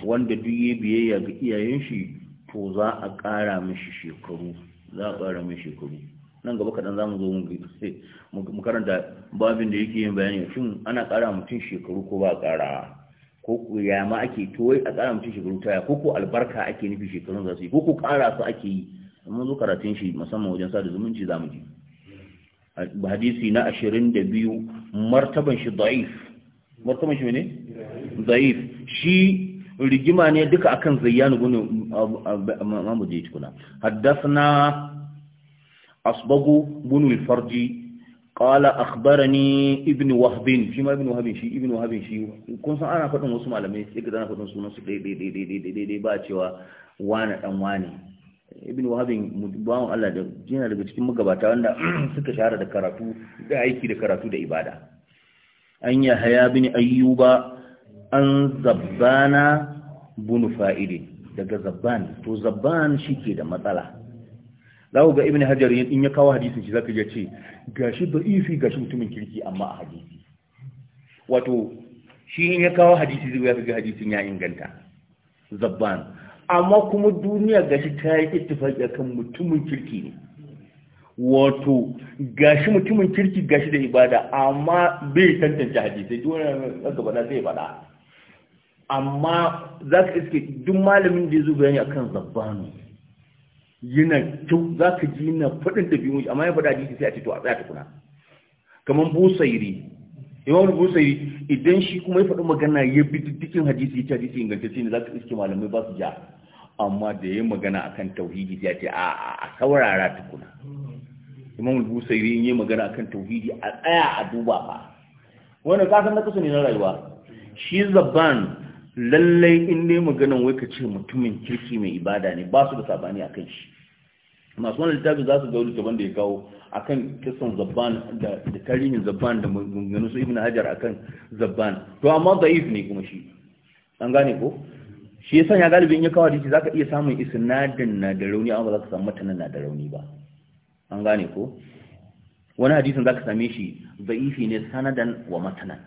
wanda duk ya biyayya ga iyayen shi to za a ƙara mishi shekaru za a ƙara mishi shekaru nan gaba kaɗan za mu zo mu karanta babin da yake yin bayani shin ana ƙara mutum shekaru ko ba a ƙara ko ya ma ake to wai a ƙara mutum shekaru ta ya ko ko albarka ake nufi shekarun za su yi ko ko ƙara su ake yi mun zo karatun shi musamman wajen sada zumunci za mu ji hadisi na 22 martaban shi da'if martaban shi ne? da'if shi rigima ne duka akan zayyanu gune mamu je tukuna haddasna asbagu bunu farji qala akhbarani ibnu wahb shi ma ibnu wahb shi ibnu wahb shi kun san ana fadin wasu malamai sai ga zana fadin sunan su dai dai dai dai dai ba cewa wani dan wani ibn wahabin bawan Allah da yana daga cikin magabata wanda suka shahara da karatu da aiki da karatu da ibada an ya haya bin ayyuba an zabbana bunu fa'ili daga zabban to zabban ke da matsala zaku ga ibn hajar in ya kawo hadisin shi zaka ce gashi ifi gashi mutumin kirki amma a hadisi wato shi in ya kawo hadisi zai ga hadisin ya inganta zabban amma kuma duniya gashi ta yi ittifaki akan mutumin kirki ne wato gashi mutumin kirki gashi da ibada amma bai tantance hadisi duk wani gaba na zai bada amma za ka iske duk malamin da ya zo bayani akan zabbanu yana kyau za ka ji na faɗin da biyu amma ya faɗa hadisi sai a ce to a tsaya tukuna kamar busairi imam busairi idan shi kuma ya faɗi magana ya bi dukkan hadisi ya ce hadisi ingantacce ne za ka iske malamai ba su ja amma da ya magana akan tauhidi ya ce a a saurara tukuna imam al-busairi in magana akan tauhidi a tsaya a duba fa wannan ka na nakasu ne na rayuwa shi zaban lallai in dai maganan wai ka ce mutumin kirki mai ibada ne ba su da sabani akan shi masu wannan littafin za su ga littafin da ya kawo akan kisan zabban da tarihin zaban da maganganu su ibn hajar akan zaban to amma da'if ne kuma shi an gane ko shi ya sanya galibi in ya kawo hadisi zaka iya samun isnadin na da rauni amma ba za ka samu matanin na da rauni ba an gane ko wani hadisin zaka same shi za'ifi ne sanadan wa matanan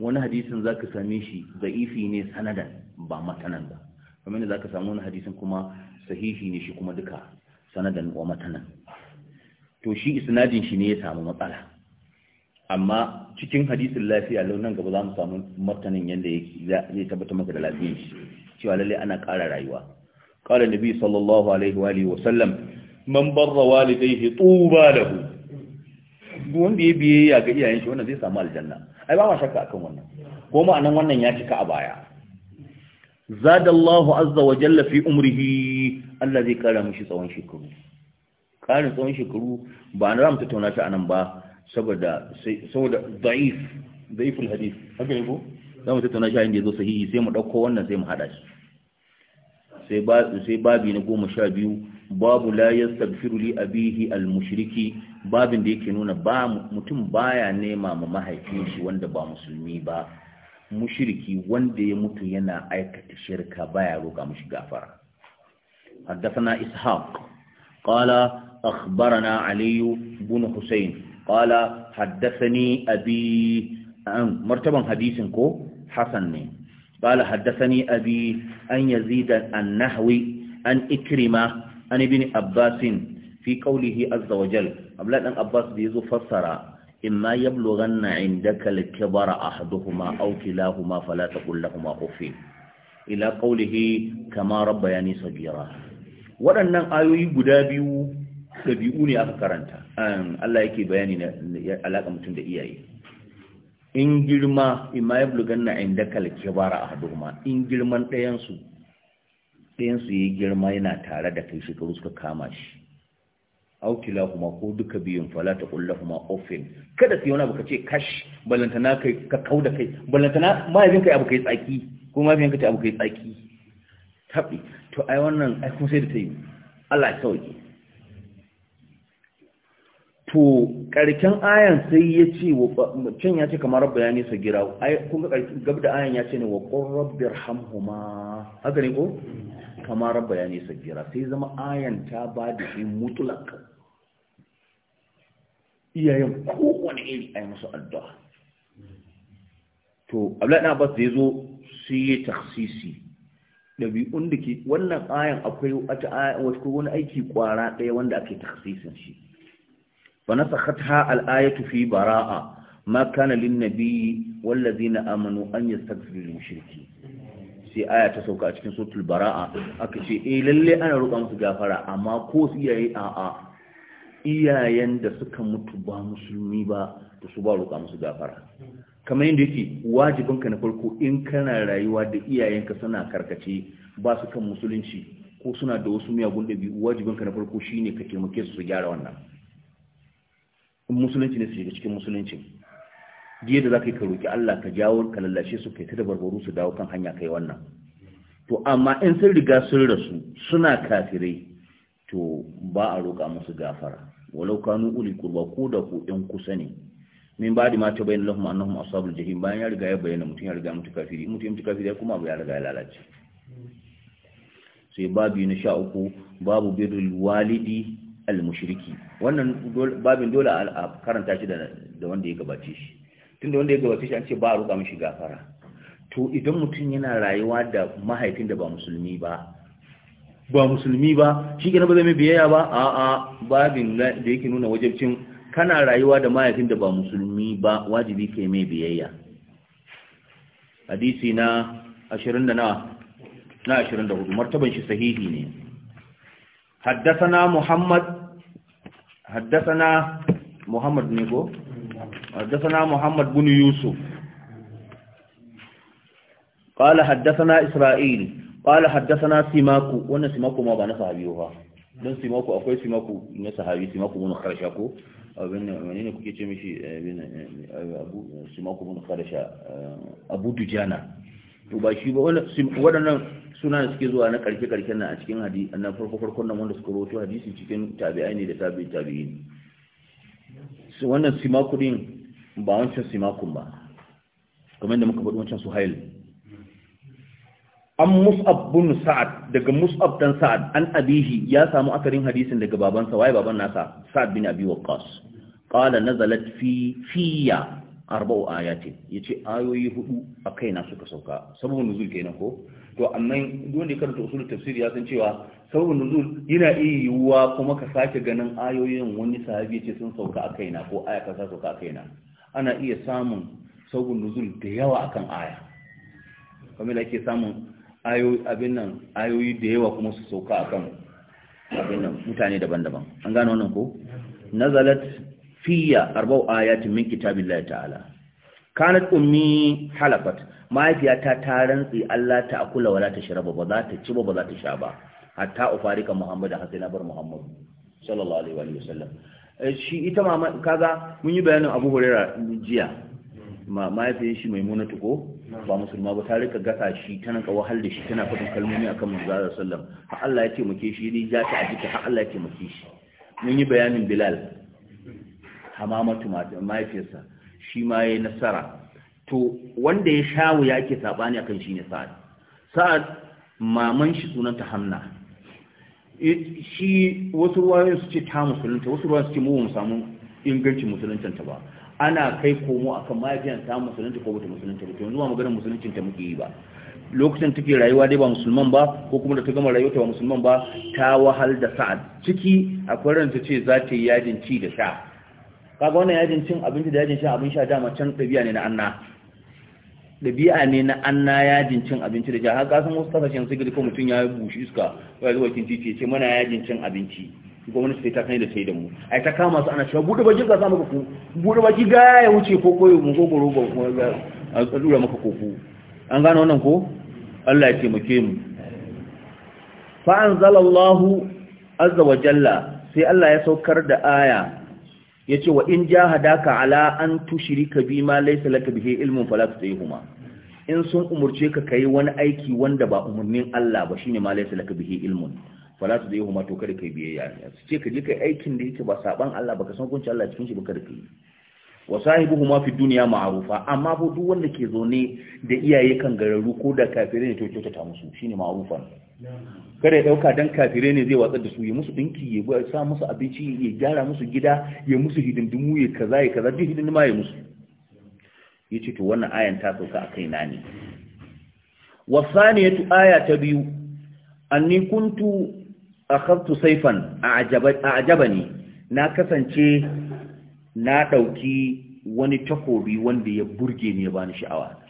wani hadisin zaka same shi za'ifi ne sanadan ba matanan ba kamar za zaka samu wani hadisin kuma sahihi ne shi kuma duka sanadan wa matanan to shi isnadin shi ne ya samu matsala amma cikin hadisin lafiya launin gaba za mu samu martanin yadda zai tabbata maka da lafiyar shi cewa lalle ana ƙara rayuwa qala nabi sallallahu alaihi wa alihi wa sallam man barra walidayhi tuba lahu wanda ya biyayya ga iyayen shi wannan zai samu aljanna ai ba ma shakka akan wannan ko ma'anan wannan ya cika a baya zadallahu azza wa jalla fi umrihi Allah zai kara mishi tsawon shekaru karin tsawon shekaru ba na ramta tauna ta anan ba saboda saboda da'if da'iful hadith haka ne ko zamu tattauna shi inda yazo sahihi sai mu ɗauko wannan sai mu haɗa shi sai babi na goma sha biyu babu layar yastaghfiru li abihi al-mushriki babin da yake nuna ba mutum baya nema ma mahaifin shi wanda ba musulmi ba mushiriki wanda ya mutu yana aikata shirka baya roƙa mushi gafara haddathana ishaq qala akhbarana ali ibn husayn qala haddathani abi martaban hadisin ko hasan ne قال حدثني أبي أن يزيد النحوي أن إكرمة أن ابن أباس في قوله عز وجل قبل أن أباس بيزو فسر إما يبلغن عندك الكبر أحدهما أو كلاهما فلا تقل لهما أفي إلى قوله كما ربياني صغيرا waɗannan ayoyi guda biyu ɗabi'u ne aka karanta Allah yake bayani na alaƙa mutum da iyaye in girma imma ya bulganna inda kalkibara a haduma in girman ɗayansu ɗayansu ya girma yana tare da kai shekaru suka kama shi aukila kuma ko duka biyun fala ta kulla kuma ofin kada su yi wani abu ka ce kashi, balantana kai ka kau da kai balantana mahaifinka ya abu kai tsaki ko mahaifinka ta abu kai tsaki tabi to ai wannan ai kuma sai da ta yi Allah ya sauke to karken ayan sai ya ce can ya ce kamar rabba ya nisa gira kun ga gab da ayan ya ce ne wa qur hamhuma haka ne ko kamar rabba ya nisa gira sai zama ayan ta ba da shi mutulak iyayen kowane iri a yi masu addu'a to Abdullahi ba zai zo sai yi taksisi ɗabi’un da ke wannan ayan akwai wata wani aiki kwara ɗaya wanda ake taksisin shi فنسختها الآية في براءة ما bara'a للنبي والذين آمنوا أن wallazina amanu sai aya ta sauka a cikin sotul bara'a aka ce eh lalle ana roƙa musu gafara amma ko su iyaye a'a iyayen da suka mutu ba musulmi ba da su ba roƙa musu gafara kamar yadda yake wajibinka na farko in kana rayuwa da iyayenka suna karkace ba su kan musulunci ko suna da wasu miyagun ɗabi'u wajibinka na farko shine ka taimake su su gyara wannan in musulunci ne su shiga cikin musulunci Jiya da za ka yi ka roƙi Allah ka jawo ka lallashe su kai ta da barbaru su dawo kan hanya kai wannan to amma in sun riga sun rasu suna kafirai to ba a roƙa musu gafara walau kanu uli kurba ko da ku ɗan kusa ne min ba da ma ta bayyana lahum annahum ashabul jahim bayan ya riga ya bayyana mutum ya riga mutu kafiri mutum ya mutu kafiri kuma ya riga ya lalace sai babu na sha uku babu birrul walidi al mushriki wannan babin dole a karanta shi da wanda ya gabace shi tun da wanda ya gabace shi an ce ba a roƙa mishi gafara to idan mutum yana rayuwa da mahaifin da ba musulmi ba ba musulmi ba shi gina ba zai mai biyayya ba a a babin da yake nuna wajabcin kana rayuwa da mahaifin da ba musulmi ba wajibi ke mai biyayya hadisi na 20 da na na 24 martaban shi sahihi ne حدثنا محمد حدثنا محمد نيكو حدثنا محمد بن يوسف قال حدثنا إسرائيل قال حدثنا سماكو وانا سماكو ما بانا صحابيوها don simaku akwai simaku na sahabi simaku mun karsha ko abin ne ce mishi abu suna da suke zuwa na karfe karfe nan a cikin hadisi na farko farkon nan wanda suka rawaito hadisi cikin tabi'ai ne da tabi'i tabi'in su wannan simaku din ba wancan simakun ba kamar da muka faɗi wancan suhail an mus'ab bin sa'ad daga mus'ab dan sa'ad an abihi ya samu akarin hadisin daga babansa waye baban nasa sa'ad bin abi waqqas qala nazalat fi fiya arba'u ayatin ce ayoyi hudu a kaina suka sauka sabon nuzul kenan ko to amma duk wanda ya karanta usulun tafsir ya san cewa sabon nuzul yana iya yiwuwa kuma ka sake ganin ayoyin wani sahabi ce sun sauka a kaina ko aya ka sa sauka a kaina ana iya samun sabon nuzul da yawa akan aya kamar ake samun ayoyi abin nan ayoyi da yawa kuma su sauka akan abin nan mutane daban-daban an gano wannan ko nazalat fiya arba'u ayatin min kitabillahi ta'ala kanat ummi halafat mahaifiyata ta rantsi Allah ta akula wala ta shiraba ba za ta ci ba za ta sha ba hatta ufarika muhammadu har sai na bar muhammadu sallallahu alaihi wa sallam eh, shi ita mama kaza mun yi bayanin abu huraira jiya mahaifiyar shi mai muna tuko ba musulma ba ta rika gasa shi tana ka wahal da shi tana faɗin kalmomi akan manzo sallam har Allah ya ce muke shi ni ja ta a jiki har Allah ya ce muke shi mun yi bayanin bilal hamamatu mahaifiyarsa shi ma ya yi nasara to wanda ya sha wuya ake saɓani akan shi ne sa'ad sa'ad maman shi sunanta hamna shi wasu ruwayoyin su ce ta musulunta wasu ruwayoyin su ce mu samu ingancin musuluntanta ba ana kai komo akan mahaifiyar ta musulunta ko bata musulunta ba to yanzu ba maganar musuluncin ta muke yi ba lokacin take rayuwa dai ba musulman ba ko kuma da ta gama rayuwa ta ba musulman ba ta wahal da sa'ad ciki akwai ranta ce za ta yi yajin ci da sha kaga wannan yajin cin abinci da yajin shan abin sha dama can ɗabi'a ne na anna ɗabi'a ne na anna yajin cin abinci da sha har san wasu kasashen su ko mutum ya bushi iska ko ya zuwa kin ce, ce mana yajin cin abinci gwamnati sai ta kai da sai da mu ai ta kama su ana cewa buɗe baki ka samu ku buɗe baki ga ya wuce ko koyo mu ko goro ba a tsadura maka koko an gano wannan ko Allah ya taimake mu fa anzalallahu azza wa jalla sai Allah ya saukar da aya yace wa in jahadaka ala an tushrika ma laysa laka bihi ilmun fala tutihuma in sun umurce ka kai wani aiki wanda ba umurnin Allah ba shine ma laysa laka bihi ilmun fala tutihuma to kada kai biyayya su ce ka je kai aikin da yake ba saban Allah ba ka san kunci Allah cikin shi ba kada kai wa ma fi dunya ma'rufa amma fa duk wanda ke zo ne da iyaye kan gararu ko da kafirai ne to kyautata musu shine ma'rufan kada ya dauka dan kafire ne zai watsar da su ya musu dinki ya sa musu abinci ya gyara musu gida ya musu hidindimu ya kaza ya kaza duk hidindima ya musu yace to wannan ayan ta sauka a kaina ne saniyatu aya ta biyu anni kuntu akhadtu sayfan a'jabani na kasance na dauki wani takobi wanda ya burge ni ya bani sha'awa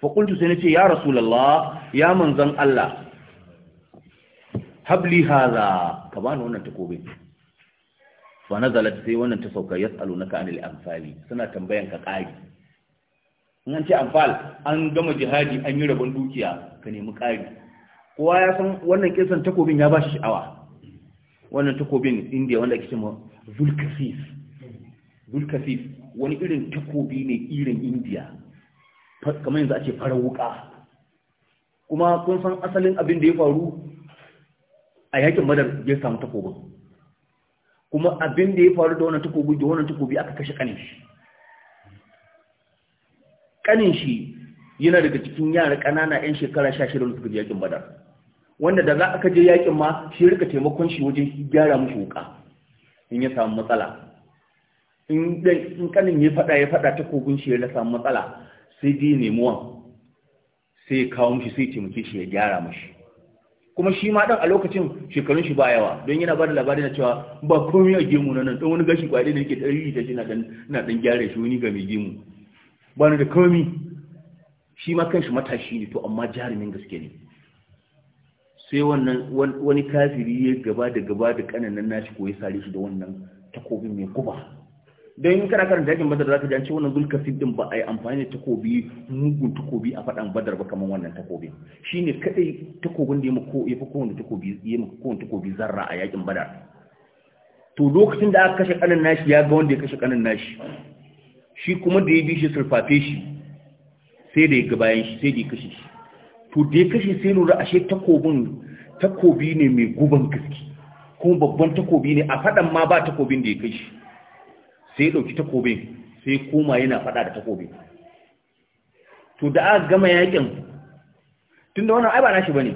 faƙultu sai na ce ya rasulallah ya manzan Allah habli haza ka bani wannan takobin fa nazalat sai wannan ta sauka ka anil amfali suna tambayan ka ƙari in an ce amfal an gama jihadi an yi rabon dukiya ka nemi ƙari kowa ya san wannan kisan takobin ya ba shi sha'awa wannan takobin indiya wanda ake cewa zulkafis zulkafis wani irin takobi ne irin indiya kamar yanzu a ce farar wuka kuma kun san asalin abin da ya faru a yakin madar ya samu takobin kuma abin da ya faru da wannan takobi da wannan takobi aka kashe kanin shi kanin shi yana daga cikin yara ƙanana 'yan shekara 16 da suka je yakin madar wanda da za a kaje yakin ma shi rika taimakon shi wajen gyara mushi wuka in ya samu matsala in kanin ya fada ya fada takobin shi ya samu matsala sai dai nemi sai kawo mishi sai taimake shi ya gyara mashi kuma shi ma dan a lokacin shekarun shi ba yawa don yana bada labari na cewa ba komai a gemu na nan dan wani gashi kwade da yake ɗari da shi na dan na dan gyara shi wani ga mai gemu ba ni da komai shi ma kanshi matashi ne to amma jarumin gaske ne sai wannan wani kafiri ya gaba da gaba da kananan nashi ko ya sare shi da wannan takobin mai kuba don kana karanta yakin badar ka jance wannan zulkasib din ba a yi amfani da takobi mugun takobi a faɗan badar ba kamar wannan takobin shine kadai takobin da ya mako ya fi kowane takobi ya mako kowane takobi zarra a yakin badar to lokacin da aka kashe kanin nashi ya ga wanda ya kashe kanin nashi shi kuma da ya bi shi sulfafe shi sai da ya ga bayan shi sai da ya kashe shi to da ya kashe sai lura ashe takobin takobi ne mai guban gaske kuma babban takobi ne a faɗan ma ba takobin da ya kashe shi sai ya ɗauki takobin sai koma yana faɗa da takobin to da aka gama yakin tun da wannan ai ba nashi bane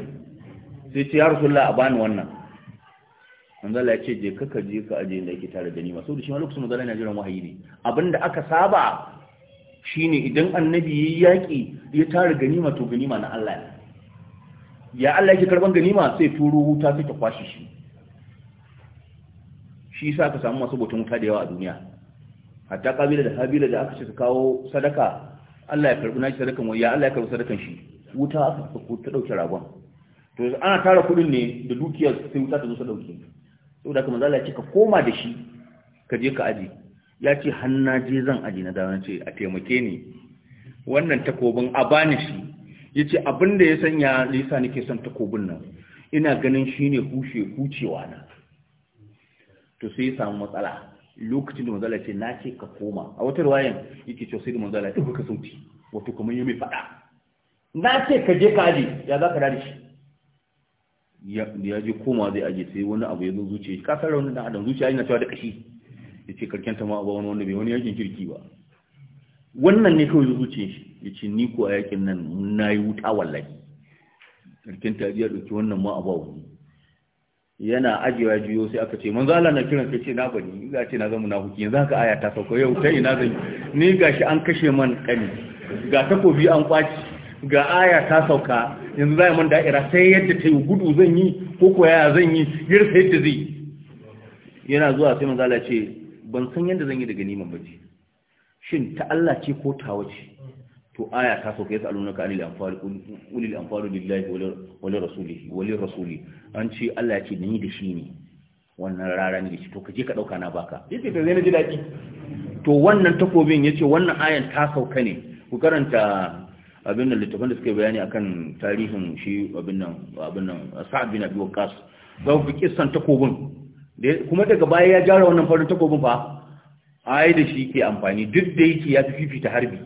sai ce ya rasulullah a bani wannan manzala ya ce je ka je ka aje da yake tare da ni masu da shi ma lokacin manzala yana jiran wahayi ne abinda aka saba shine idan annabi ya yaki ya tare ganima to ganima na Allah ne ya Allah yake karban ganima sai turo wuta sai ta kwashi shi shi yasa ka samu masu bautan wuta da yawa a duniya hatta kabila da habila da aka ce su kawo sadaka Allah ya karbi nashi sadakan Ya Allah ya karbi sadakan shi wuta aka ta dauke ragon to ana tara kudin ne da dukiyar sai wuta ta zo ta dauke saboda haka manzo Allah ya ce ka koma da shi ka je ka aje ya ce hanna je zan aje na da ce a taimake ni wannan takobin a bani shi yace abinda ya sanya lisa nake son takobin nan ina ganin shine hushe hucewa na to sai ya samu matsala lokacin da manzala ce na ce ka koma a wata ruwayan yake cewa sai da manzala ya ɗauka sauti wato kamar yi mai faɗa na ce ka je ka aje ya za ka da shi ya je koma zai aje sai wani abu ya zo zuciya ka san raunin dan adam zuciya yana cewa da kashi ya ce karken ta ma abu wani wanda bai wani yakin kirki ba wannan ne kawai zuciya shi ya ce ni ko a yakin nan na yi wuta wallahi karken ta ya ɗauki wannan ma abu wani yana ajiyewa juyo sai aka ce manzo Allah na kiran sai ce na bani ga ce na zama huki yanzu haka aya ta sauko yau ta ina zan ni gashi an kashe man kani ga takobi an kwaci ga aya ta sauka yanzu zai man da'ira sai yadda ta yi gudu zan yi ko ko yaya zan yi sai yadda zai yana zuwa sai manzo Allah ce ban san yadda zan yi daga niman ce. shin ta Allah ce ko ta ce? to aya ta sauka yasa alunaka anil anfal ulil anfalu lillahi wa lirrasulihi wa lirrasuli an ce Allah ya ce da ni da shi ne wannan rara ne da shi to ka je ka dauka na baka yace ta zai na ji dadi to wannan takobin yace wannan ayan ta sauka ne ku karanta abin da littafin da suke bayani akan tarihin shi abin nan abin nan Sa'ad bin Abi Waqqas ba ku kissan takobin kuma daga baya ya jara wannan farin takobin fa ai da shi ke amfani duk da yake ya fi fifita harbi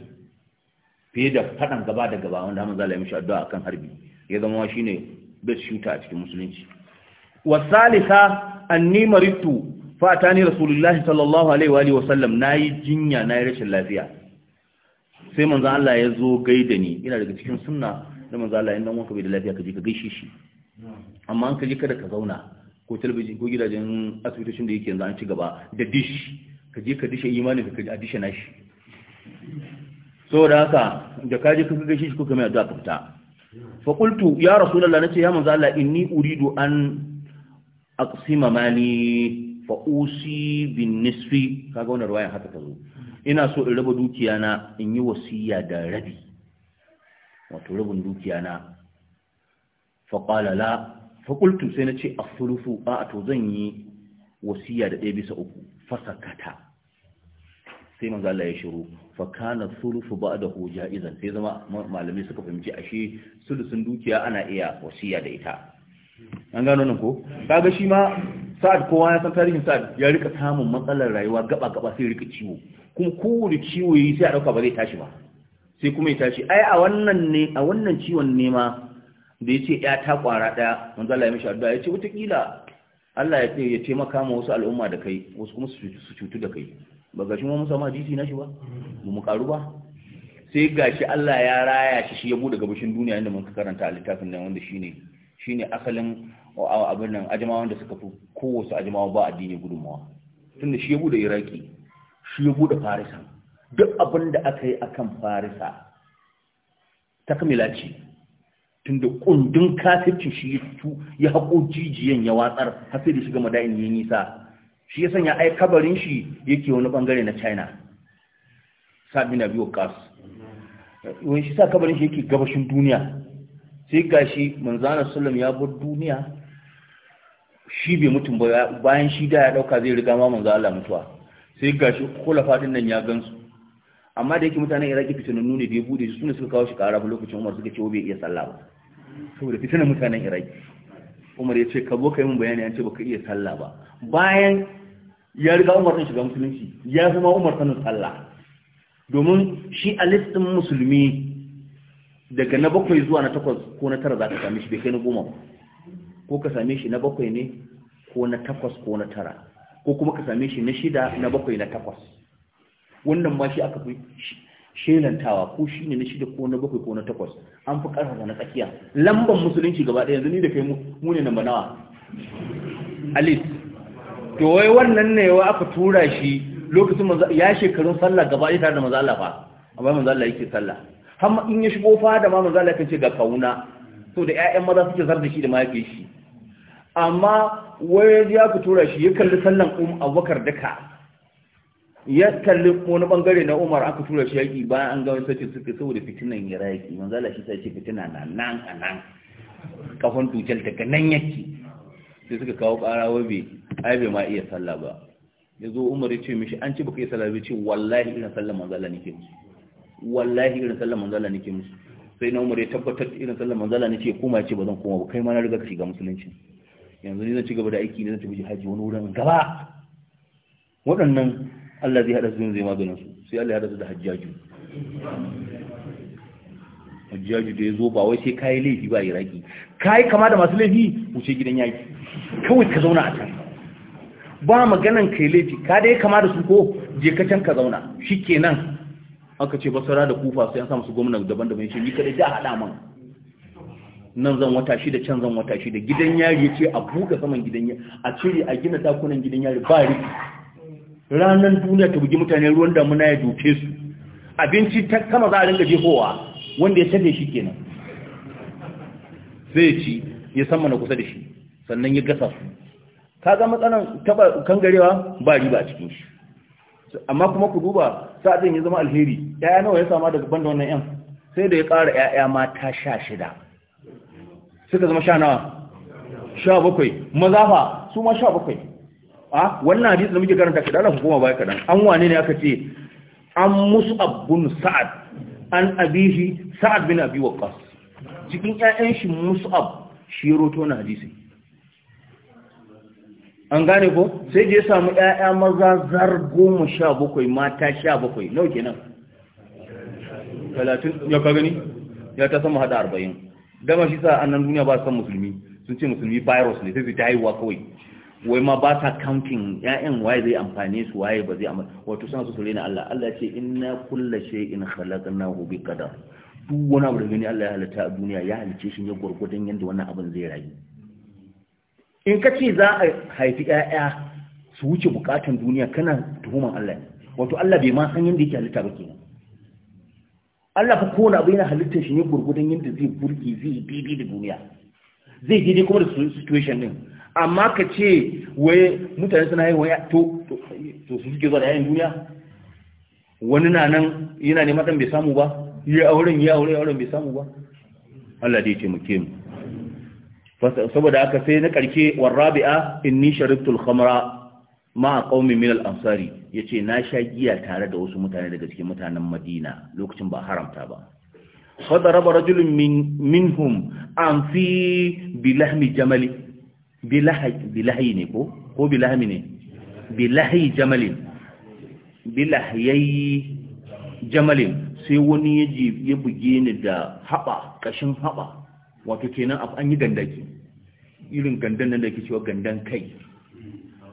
fiye da fadan gaba da gaba wanda Hamza Allah ya mishi addu'a akan harbi ya zama shine bai shuta a cikin musulunci wasalisa annimaritu maritu fata rasulullahi sallallahu alaihi wa sallam nayi jinya nayi rashin lafiya sai manzo Allah ya zo gaida ni ina daga cikin sunna da manzo Allah inda wanka bai da lafiya ka je ka gaishe shi amma an ka je kada ka zauna ko talabijin ko gidajen asibitocin da yake yanzu an ci gaba da dish ka je ka dishe imani ka ji dishe nashi saboda haka da ka je ka gaishe shi ko ka mai addu'a ka fita fa qultu ya rasulullah nace ya manzo Allah inni uridu an aqsima mali fa usi bin nisfi kaga wannan ruwayan haka tazo ina so in raba dukiya na in yi wasiya da rabi wato rabin dukiya na fa qala la fa qultu sai nace afulufu a to zan yi wasiya da ɗaya bisa uku fasakata sai manzo Allah ya shiru fa kana thuluthu ba'dahu jaizan sai zama malamai suka fahimci ashe sulusun dukiya ana iya wasiya da ita an gano nan ko kaga shi ma sa'ad kowa ya san tarihin sa'ad ya rika samun matsalar rayuwa gaba gaba sai rika ciwo kuma kowane ciwo yi sai a dauka ba zai tashi ba sai kuma ya tashi ai a wannan ne a wannan ciwon ne ma da yace ya ta kwara daya manzo Allah ya mishi addu'a yace wata kila Allah ya ce ya taimaka ma wasu al'umma da kai wasu kuma su cutu da kai ba ga shi mu musa hadisi na shi ba mu mu karu ba sai gashi Allah ya raya shi shi ya bude gabashin duniya inda mun karanta a littafin nan wanda shine shine asalin abin nan ajamawa wanda suka fi kowace ajamawa ba addini gudunmawa tunda shi ya bude Iraki shi ya bude Farisa duk abin da aka yi akan Farisa takmila ce tunda kundin kafirci shi ya haƙo jijiyan ya watsar har da shiga madain yi nisa shi ya sanya ai kabarin shi yake wani bangare na china sa'adu na biyu kas wani shi sa kabarin shi yake gabashin duniya sai gashi manzana sallam ya bar duniya shi bai mutum bayan shi da ya dauka zai riga ma manzo Allah mutuwa sai gashi kula din nan ya gansu amma da yake mutanen Iraki fitinan ne da ya bude su ne suka kawo shi kara ba lokacin Umar suka ce bai iya sallah ba saboda fitinan mutanen Iraki umar ya ce ka zo ka yi min bayani an ce baka iya sallah ba bayan ya riga umar ɗin shiga musulunci ya zama umar sanin sallah domin shi a listin musulmi daga na bakwai zuwa na takwas ko na tara za ka same shi bai kai na goma ko ka same shi na bakwai ne ko na takwas ko na tara ko kuma ka same shi na shida na bakwai na takwas wannan ma shi aka fi shelantawa ko shi ne na shida ko na bakwai ko na takwas an fi ƙarfafa na tsakiya lamban musulunci gaba ɗaya yanzu ni da kai mu ne namba nawa alif to wai wannan ne wa aka tura shi lokacin ya shekarun sallah gaba ɗaya tare da manzo Allah fa amma manzo Allah yake sallah har in ya shigo fada ma manzo Allah kan ce ga kauna to da ƴaƴan maza suke zar da shi da mahaifiyar shi amma wai ya ku tura shi ya kalli sallan um abubakar daka ya kalli wani bangare na umar aka tura shi yaƙi bayan an gawar sarki suka saboda fitinan iraki manzala shi sai ce fitina na nan a nan kafan tucal daga nan yake sai suka kawo ƙara wabe aibe ma iya sallah ba ya zo umar ya ce mishi an ci baka iya sallah bai ce wallahi irin sallah manzala nake musu wallahi irin sallah manzala nake musu sai na umar ya tabbatar irin sallah manzala nake kuma ce ba zan koma ba kai ma na riga ka shiga musulunci yanzu ni zan ci gaba da aiki ne zan tafi haji wani wurin gaba waɗannan Allah zai hada su zai maganin su sai Allah ya hada su da hajjaju hajjaju da ya zo ba wai sai kayi laifi ba iraki kayi kama da masu laifi wuce gidan yaki kawai ka zauna a can ba maganan kai laifi ka dai kama da su ko je ka can ka zauna shikenan aka ce basara da kufa sai an samu su gwamnati daban-daban shi ni kada da hada man nan zan wata shi da can zan wata shi da gidan yari ya ce a buɗe saman gidan yari a cire a gina dakunan gidan yari ba rufi ranar duniya ta bugi mutane ruwan muna ya doke su abinci ta kama za a ringa jefowa wanda ya tafe shi kenan zai ci ya san mana kusa da shi sannan ya gasa su ka ga matsalan taba kangarewa ba riba a cikin shi amma kuma ku duba sa'adin ya zama alheri ya nawa ya sama daga banda wannan yan sai da ya ƙara yaya mata sha shida suka zama sha nawa sha bakwai mazafa su ma sha bakwai a wannan hadisi da muke karanta shi da hukuma koma baya kadan an wane ne aka ce an musu abun sa'ad an abihi sa'ad bin abi waqas cikin ƴaƴan shi musu ab shi roto na hadisi an gane ko sai je samu ƴaƴa maza zar goma sha bakwai mata sha bakwai nawa kenan talatin ya ka gani ya ta sama hada arba'in dama shi sa annan duniya ba san musulmi sun ce musulmi virus ne sai su ta haihuwa kawai wai ma ba sa kankin ya'yan waye zai amfani su waye ba zai amfani wato suna su su rena Allah Allah ce inna kulla shay'in khalaqnahu bi qadar duk wani abu da gani Allah ya halitta a duniya ya halice shi ne gurgurdan yanda wannan abin zai rayu in ka ce za a haifi 'ya'ya su wuce bukatun duniya kana tuhuman Allah wato Allah bai ma san yanda yake halitta ba kenan Allah fa kowane abu yana halitta shi ne gurgurdan yanda zai burge zai bibi da duniya zai daidai kuma da situation din amma ka ce waye mutane suna yin waya to to su suke zuwa da yayin duniya wani na nan yana neman dan bai samu ba ya auren ya aure auren bai samu ba Allah dai ce muke mu saboda aka sai na karke warabi'a inni sharibtul khamra ma qaumi min al-ansari yace na sha giya tare da wasu mutane daga cikin mutanen Madina lokacin ba haramta ba fadaraba rajulun minhum an fi lahmi jamali bilahi ne ko ko bilahi ne bilahi jamalin bilahiyayi jamalin sai wani ya buge ni da haɓa ƙashin haɓa wato kenan an yi gandaki irin gandan nan da ke cewa gandan kai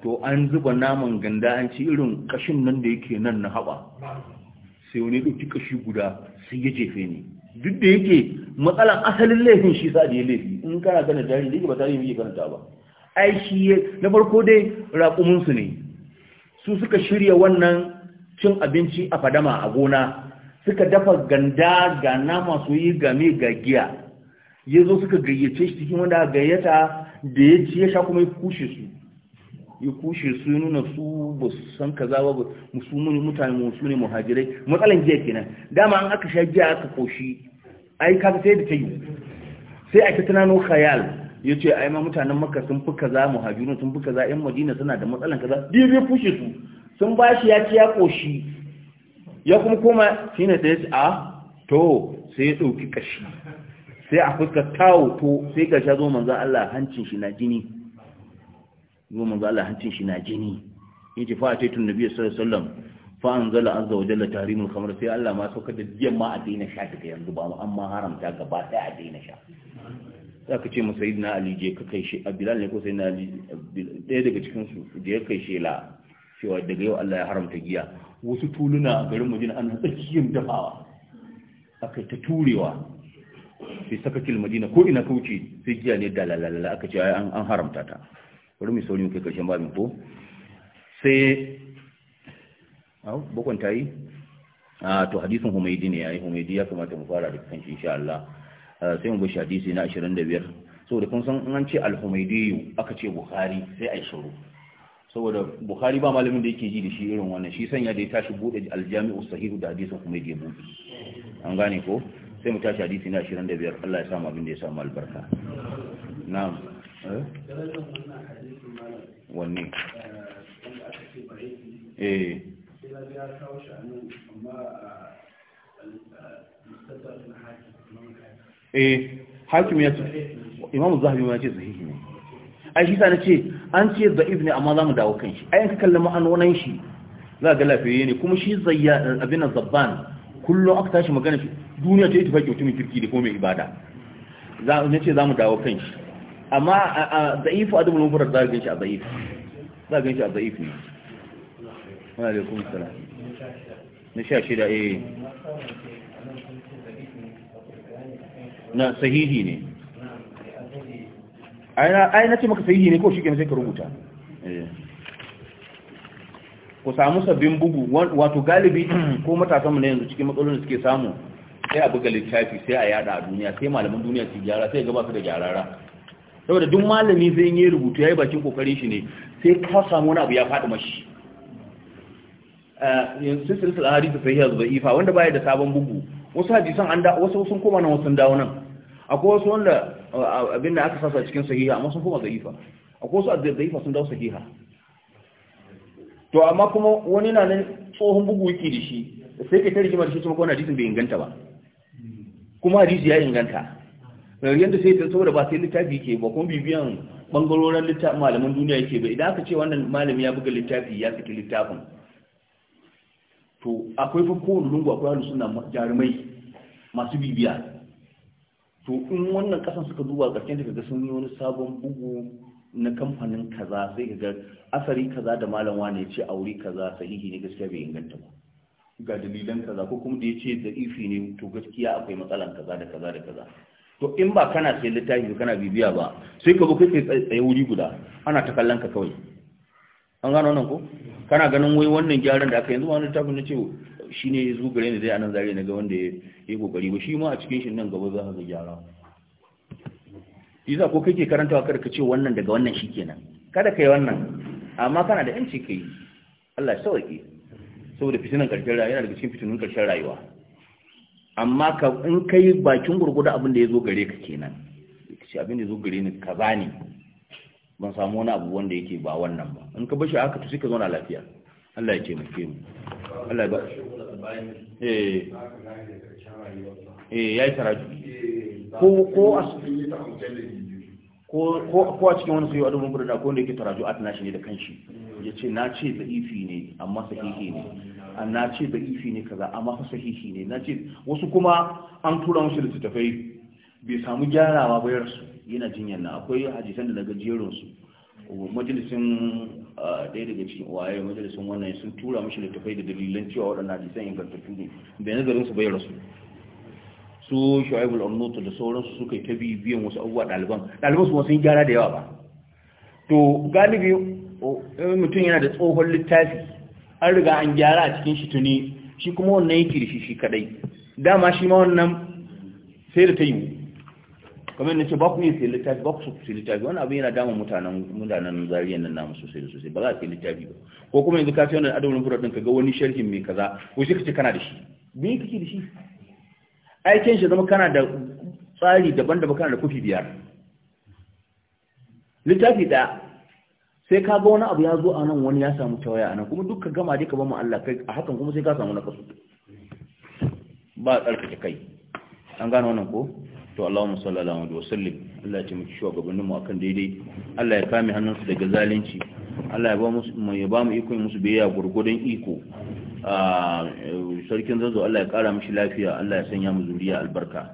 to an zuba naman ganda an ci irin ƙashin nan da yake nan na haɓa sai wani ɗauki ƙashi guda sai ya jefe ni duk da yake matsalan asalin laifin shi sa da ya laifi in kana gana jari da yake ba tare yi ba aiki na farko dai raƙumin ne su suka shirya wannan cin abinci a fadama a gona suka dafa ganda ga nama yi game ga giya ya zo suka gayyace shi cikin wanda gayyata da ya ci ya sha kuma ya kushe su ya nuna su ba su san kaza ba musulmi mutane musu ne muhajirai matsalan giya kenan dama an aka sha giya aka koshi ai kaka sai da ta yi sai aka tunano khayal ya ce ai ma mutanen maka sun fi kaza muhajirun sun fi kaza yan madina suna da matsalan kaza biyu biyu fushe su sun ba shi ya ci ya koshi ya kuma koma shi ne sai a to sai ya ɗauki kashi sai a fuska tawo to sai ka sha zo manzan Allah hancin shi na jini zo manzan Allah hancin shi na jini ya ce fa'a taitun da sallallahu alaihi wasallam fa'an zala an zawo jalla tarimin kamar sai Allah ma saukar da jiyan ma a daina sha daga yanzu ba amma haramta gaba ɗaya a daina sha za ka ce masa sayid na ali je ka kai shi abdullahi ne ko sai na ali ɗaya daga su da ya kai shela cewa daga yau allah ya haramta giya wasu tuluna a garin majin an tsakiyar dafawa aka ta turewa sai kil madina ko ina kauce sai giya ne da lalalala aka ce an haramta ta bari mai saurin kai karshen babin ko sai bakwanta yi a ah, to hadisin humaidi ne yi humaidi ya kamata mu fara da kanshi shi insha Allah sai mu bashi hadisi na 25 saboda kun san an ce al-humaydiyu aka ce bukhari sai ai shuru saboda bukhari ba malamin da yake ji da shi irin wannan shi sanya da ya tashi bude al-jami'u sahihu da hadisin humaydi ya bude an gane ko sai mu tashi hadisi na 25 Allah ya sa mu abin da ya samu albarka na'am wanne eh ya kawo shi amma al-mustadrak eh hakim ya ce imamu zahabi ya ce sahihi ne ai shi na ce an ce da ibni amma za mu dawo kan shi ai ka kalli ma'anonan shi za ga lafiye ne kuma shi zayya abin zabban kullum aka tashi magana shi duniya ta yi tafaki mutumin kirki da kuma mai ibada za mu ce za mu dawo kan shi amma a za'ifu adamu lumfurar za ga shi a za'ifu za ga shi a za'ifu ne wa alaikum salam na sha shida eh na sahihi ne aina na ce maka sahihi ne ko shi kenan sai ka rubuta eh. ku samu sabbin bugu wato galibi ko matasanmu na yanzu cikin matsalolin da suke samu sai a buga littafi sai a yada a duniya sai malaman duniya su gyara sai gaba su da gyarara saboda duk malami zai yi rubutu ya yi bakin kokarin shi ne sai ka samu wani abu ya faɗi mashi eh, yanzu sisir da sai da ifa wanda baya da sabon bugu wasu hadisan an da wasu sun koma nan wasu dawo nan akwai wasu wanda abinda aka sasa cikin sahiha amma sun koma za'ifa akwai wasu za'ifa sun dawo sahiha to amma kuma wani na nan tsohon bugu yake da shi sai kai ta rigima da shi kuma wannan hadisin bai inganta ba kuma hadisi ya inganta yanda sai ta saboda ba sai littafi ke ba kuma bibiyan bangarorin malaman duniya yake ba idan aka ce wannan malami ya buga littafi ya saki littafin to akwai fa kowane lungu akwai ahlus suna jarumai masu bibiya to in wannan kasan suka duba karshen da kaga sun yi wani sabon bugu na kamfanin kaza sai ga asari kaza da malam wani ya ce wuri kaza sahihi ne gaskiya bai inganta ba ga dalilan kaza ko kuma da ya ce da ne to gaskiya akwai matsalan kaza da kaza da kaza to in ba kana sai littafi kana bibiya ba sai ka bukai tsaye wuri guda ana ta kallon ka kawai an gano nan ko kana ganin wai wannan gyaran da aka yanzu wani tafi na ce shi ne zu gare ni zai anan zare na ga wanda ya yi kokari ba shi ma a cikin shi nan gaba za ka ga gyara isa ko kake karantawa kada ka ce wannan daga wannan shi kenan kada ka yi wannan amma kana da yanci ka yi Allah ya sauke saboda fitinan karshen rayuwa yana daga cikin fitinan karshen rayuwa amma ka in kai bakin gurguda abin da ya zo gare ka kenan ce abin da ya zo gare ni ka bani ban samu wani abu wanda yake ba wannan ba in ka bashi aka to sai ka zauna lafiya Allah ya ce mu Allah ya ba eh eh yayi taraju ko ko ko ko ko a cikin wani sayo adabun burda ko wanda yake taraju atna shi ne da kanshi ce na ce ifi ne amma sahihi ne an na ce ifi ne kaza amma fa sahihi ne na ce wasu kuma an tura musu littattafai bai samu gyarawa ba yarsu yana jinyar na akwai hadisan da daga jerin su majalisin ɗaya daga cikin waye majalisin wannan sun tura mashi littafai da dalilan cewa waɗannan hadisan ingantattu ne bai nazarin su bai rasu su shu'aibul arnutu da sauransu suka yi ta biyan wasu abubuwa ɗaliban ɗaliban su sun gyara da yawa ba to galibi mutum yana da tsohon littafi an riga an gyara a cikin shi tuni shi kuma wannan yake da shi shi kadai dama shi ma wannan sai da ta yi kamar ne ce ba ku yi sai littafi ba ku sai littafi wani abin yana damar mutanen mutanen zariyar nan namu sosai da sosai ba za a sai littafi ba ko kuma yanzu ka fi wannan adabin furat ka ga wani sharhin mai kaza ko shi kace kana da shi me kake da shi aikin shi zama kana da tsari daban-daban kana da kufi biyar littafi da sai ka ga wani abu ya zo a nan wani ya samu tawaya a nan kuma duk ka gama dai ka ba mu Allah kai a hakan kuma sai ka samu na kasu ba tsarkake kai an gano wannan ko to Allah mu sallallahu alaihi wa sallim Allah ya taimaki shugabannin mu akan daidai Allah ya kame hannunsu daga zalunci Allah ya ba mu ya ba mu iko musu biya gurgurdan iko a sarkin zazo Allah ya kara mishi lafiya Allah ya sanya mu zuriya albarka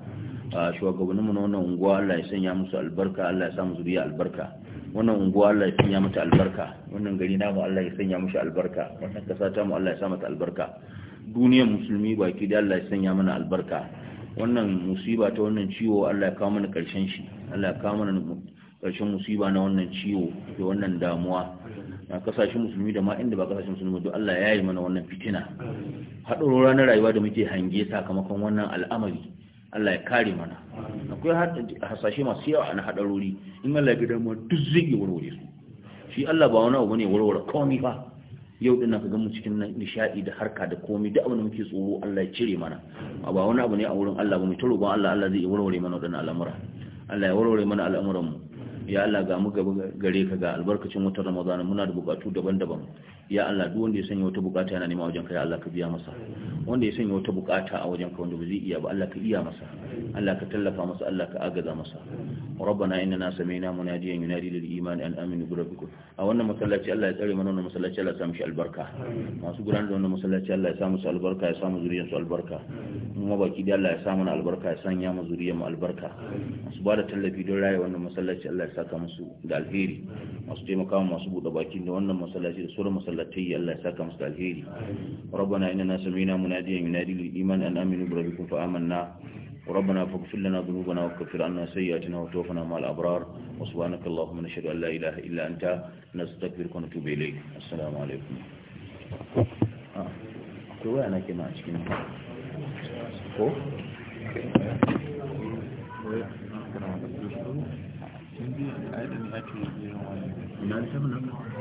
a shugabannin mu na wannan unguwa Allah ya sanya musu albarka Allah ya sa mu zuriya albarka wannan unguwa Allah ya sanya mata albarka wannan gari mu Allah ya sanya mishi albarka wannan kasa ta mu Allah ya sa mata albarka duniyar musulmi baki da Allah ya sanya mana albarka wannan musiba ta wannan ciwo Allah ya kawo mana karshen shi Allah ya kawo mana karshen musiba na wannan ciwo da wannan damuwa na kasashen musulmi da ma inda ba kasashen musulmi da Allah ya yi mana wannan fitina haɗaro ranar rayuwa da muke hange sakamakon wannan al'amari Allah ya kare mana akwai hasashe masu yawa na haɗarori in Allah ya gida mu duk zai warware su shi Allah ba wani abu ne warware komai ba yau dina ka gamu cikin nishadi da harka da komai duk abin da muke tsoro Allah ya cire mana ba wani abu ne a wurin Allah ba mu ta roƙon Allah Allah zai warware mana wadannan al'amura Allah ya warware mana al'amuran mu ya Allah ga mu gaba gare ka ga albarkacin watan Ramadan muna da bukatu daban-daban ya Allah duk wanda ya sanya wata bukata yana nema wajen ka ya Allah ka biya masa wanda ya sanya wata bukata a wajen ka wanda ba zai iya ba Allah ka iya masa Allah ka tallafa masa Allah ka agaza masa ربنا اننا سمعنا مناديا ينادي للايمان ان امنوا بربكم a wannan masallaci Allah ya tsare mana wannan masallaci Allah ya samu shi albarka masu gudanar da wannan masallaci Allah ya samu su albarka ya samu zuriyar su albarka kuma baki da Allah ya samu na albarka ya sanya mu zuriyar mu albarka su ba da tallafi don raye wannan masallaci Allah ya saka musu da alheri masu taimakawa masu buɗe bakin da wannan masallaci da sura masallatai Allah ya saka musu da alheri rabbana inna sami'na munadiyan yunadi lil iman an aminu bi rabbikum fa amanna ربنا فاغفر لنا ذنوبنا وكفر عنا سيئاتنا وتوفنا مع الأبرار وسبحانك اللهم نشهد أن لا إله إلا أنت نستغفرك ونتوب إليك السلام عليكم akwai waya nake ma a cikin ko? I don't na